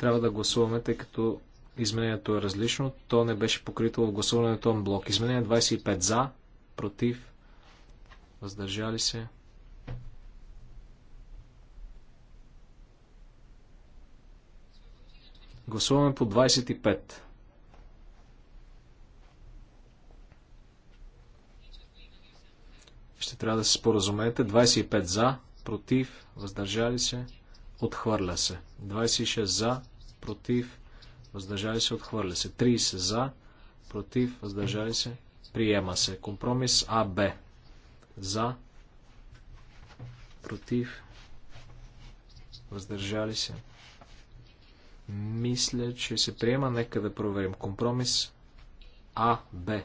Speaker 5: Трябва да гласуваме, тъй като изменението е различно. То не беше покрито в гласуването на блок. Изменение 25 за, против, въздържали се. Гласуваме по 25. Ще трябва да се споразумеете. 25 за, против, въздържали се, отхвърля се. 26 за, против, въздържали се, отхвърля се. 30 за, против, въздържали се, приема се. Компромис АБ. За, против, въздържали се, мисля, че се приема. Нека да проверим. Компромис А, Б.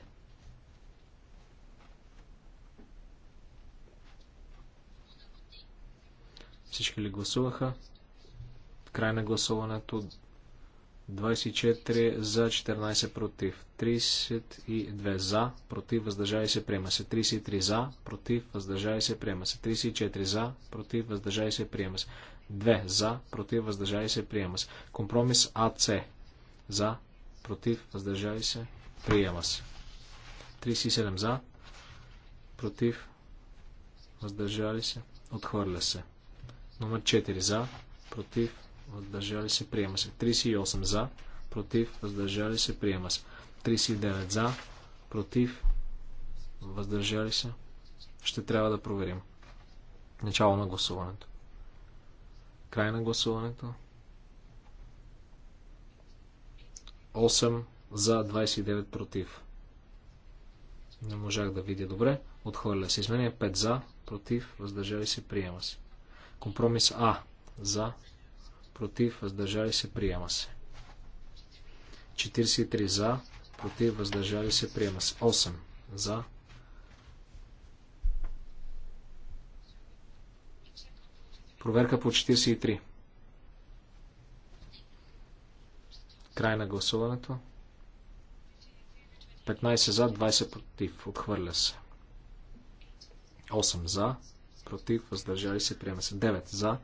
Speaker 5: Всички ли гласуваха? Край на гласуването 24 за, 14 против, 32 за, против, въздържали се, приема се, 33 за, против, въздържали се, приема се, 34 за, против, въздържали се, приема се, 2. За, против, въздържали се, приема се. Компромис АЦ. За, против, въздържали се, приема се. 37 за, против, въздържали се, отхвърля се. Номер 4 за, против, въздържали се, приема се. 38 за, против, въздържали се, приема се. 39 за, против, въздържали се. Ще трябва да проверим. Начало на гласуването. Край на гласуването. 8 за 29 против. Не можах да видя добре. Отхвърля се. Изменение 5 за, против, въздържали се, приема се. Компромис А. За, против, въздържали се, приема се. 43 за, против, въздържали се, приема се. 8 за, Проверка по 43. Край на гласуването. 15 за, 20 против. Отхвърля се. 8 за, против, въздържали се, приема се. 9 за,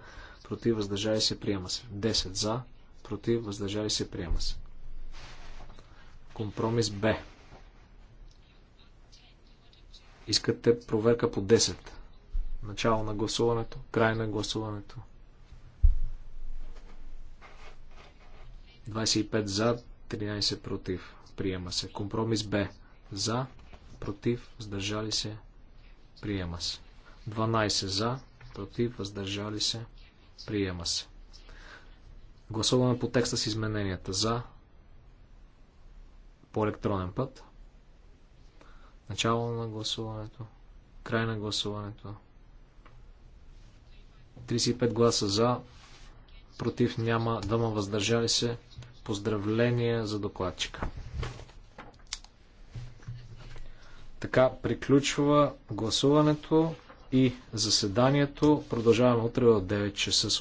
Speaker 5: против, въздържали се, приема се. 10 за, против, въздържали се, приема се. Компромис Б. Искате проверка по 10. Начало на гласуването, край на гласуването. 25 за, 13 против. Приема се. Компромис Б. За, против, въздържали се. Приема се. 12 за, против, въздържали се. Приема се. Гласуваме по текста с измененията. За, по електронен път. Начало на гласуването. Край на гласуването. 35 гласа за, против няма, дама. въздържали се. Поздравления за докладчика. Така приключва гласуването и заседанието. Продължаваме утре в 9 часа.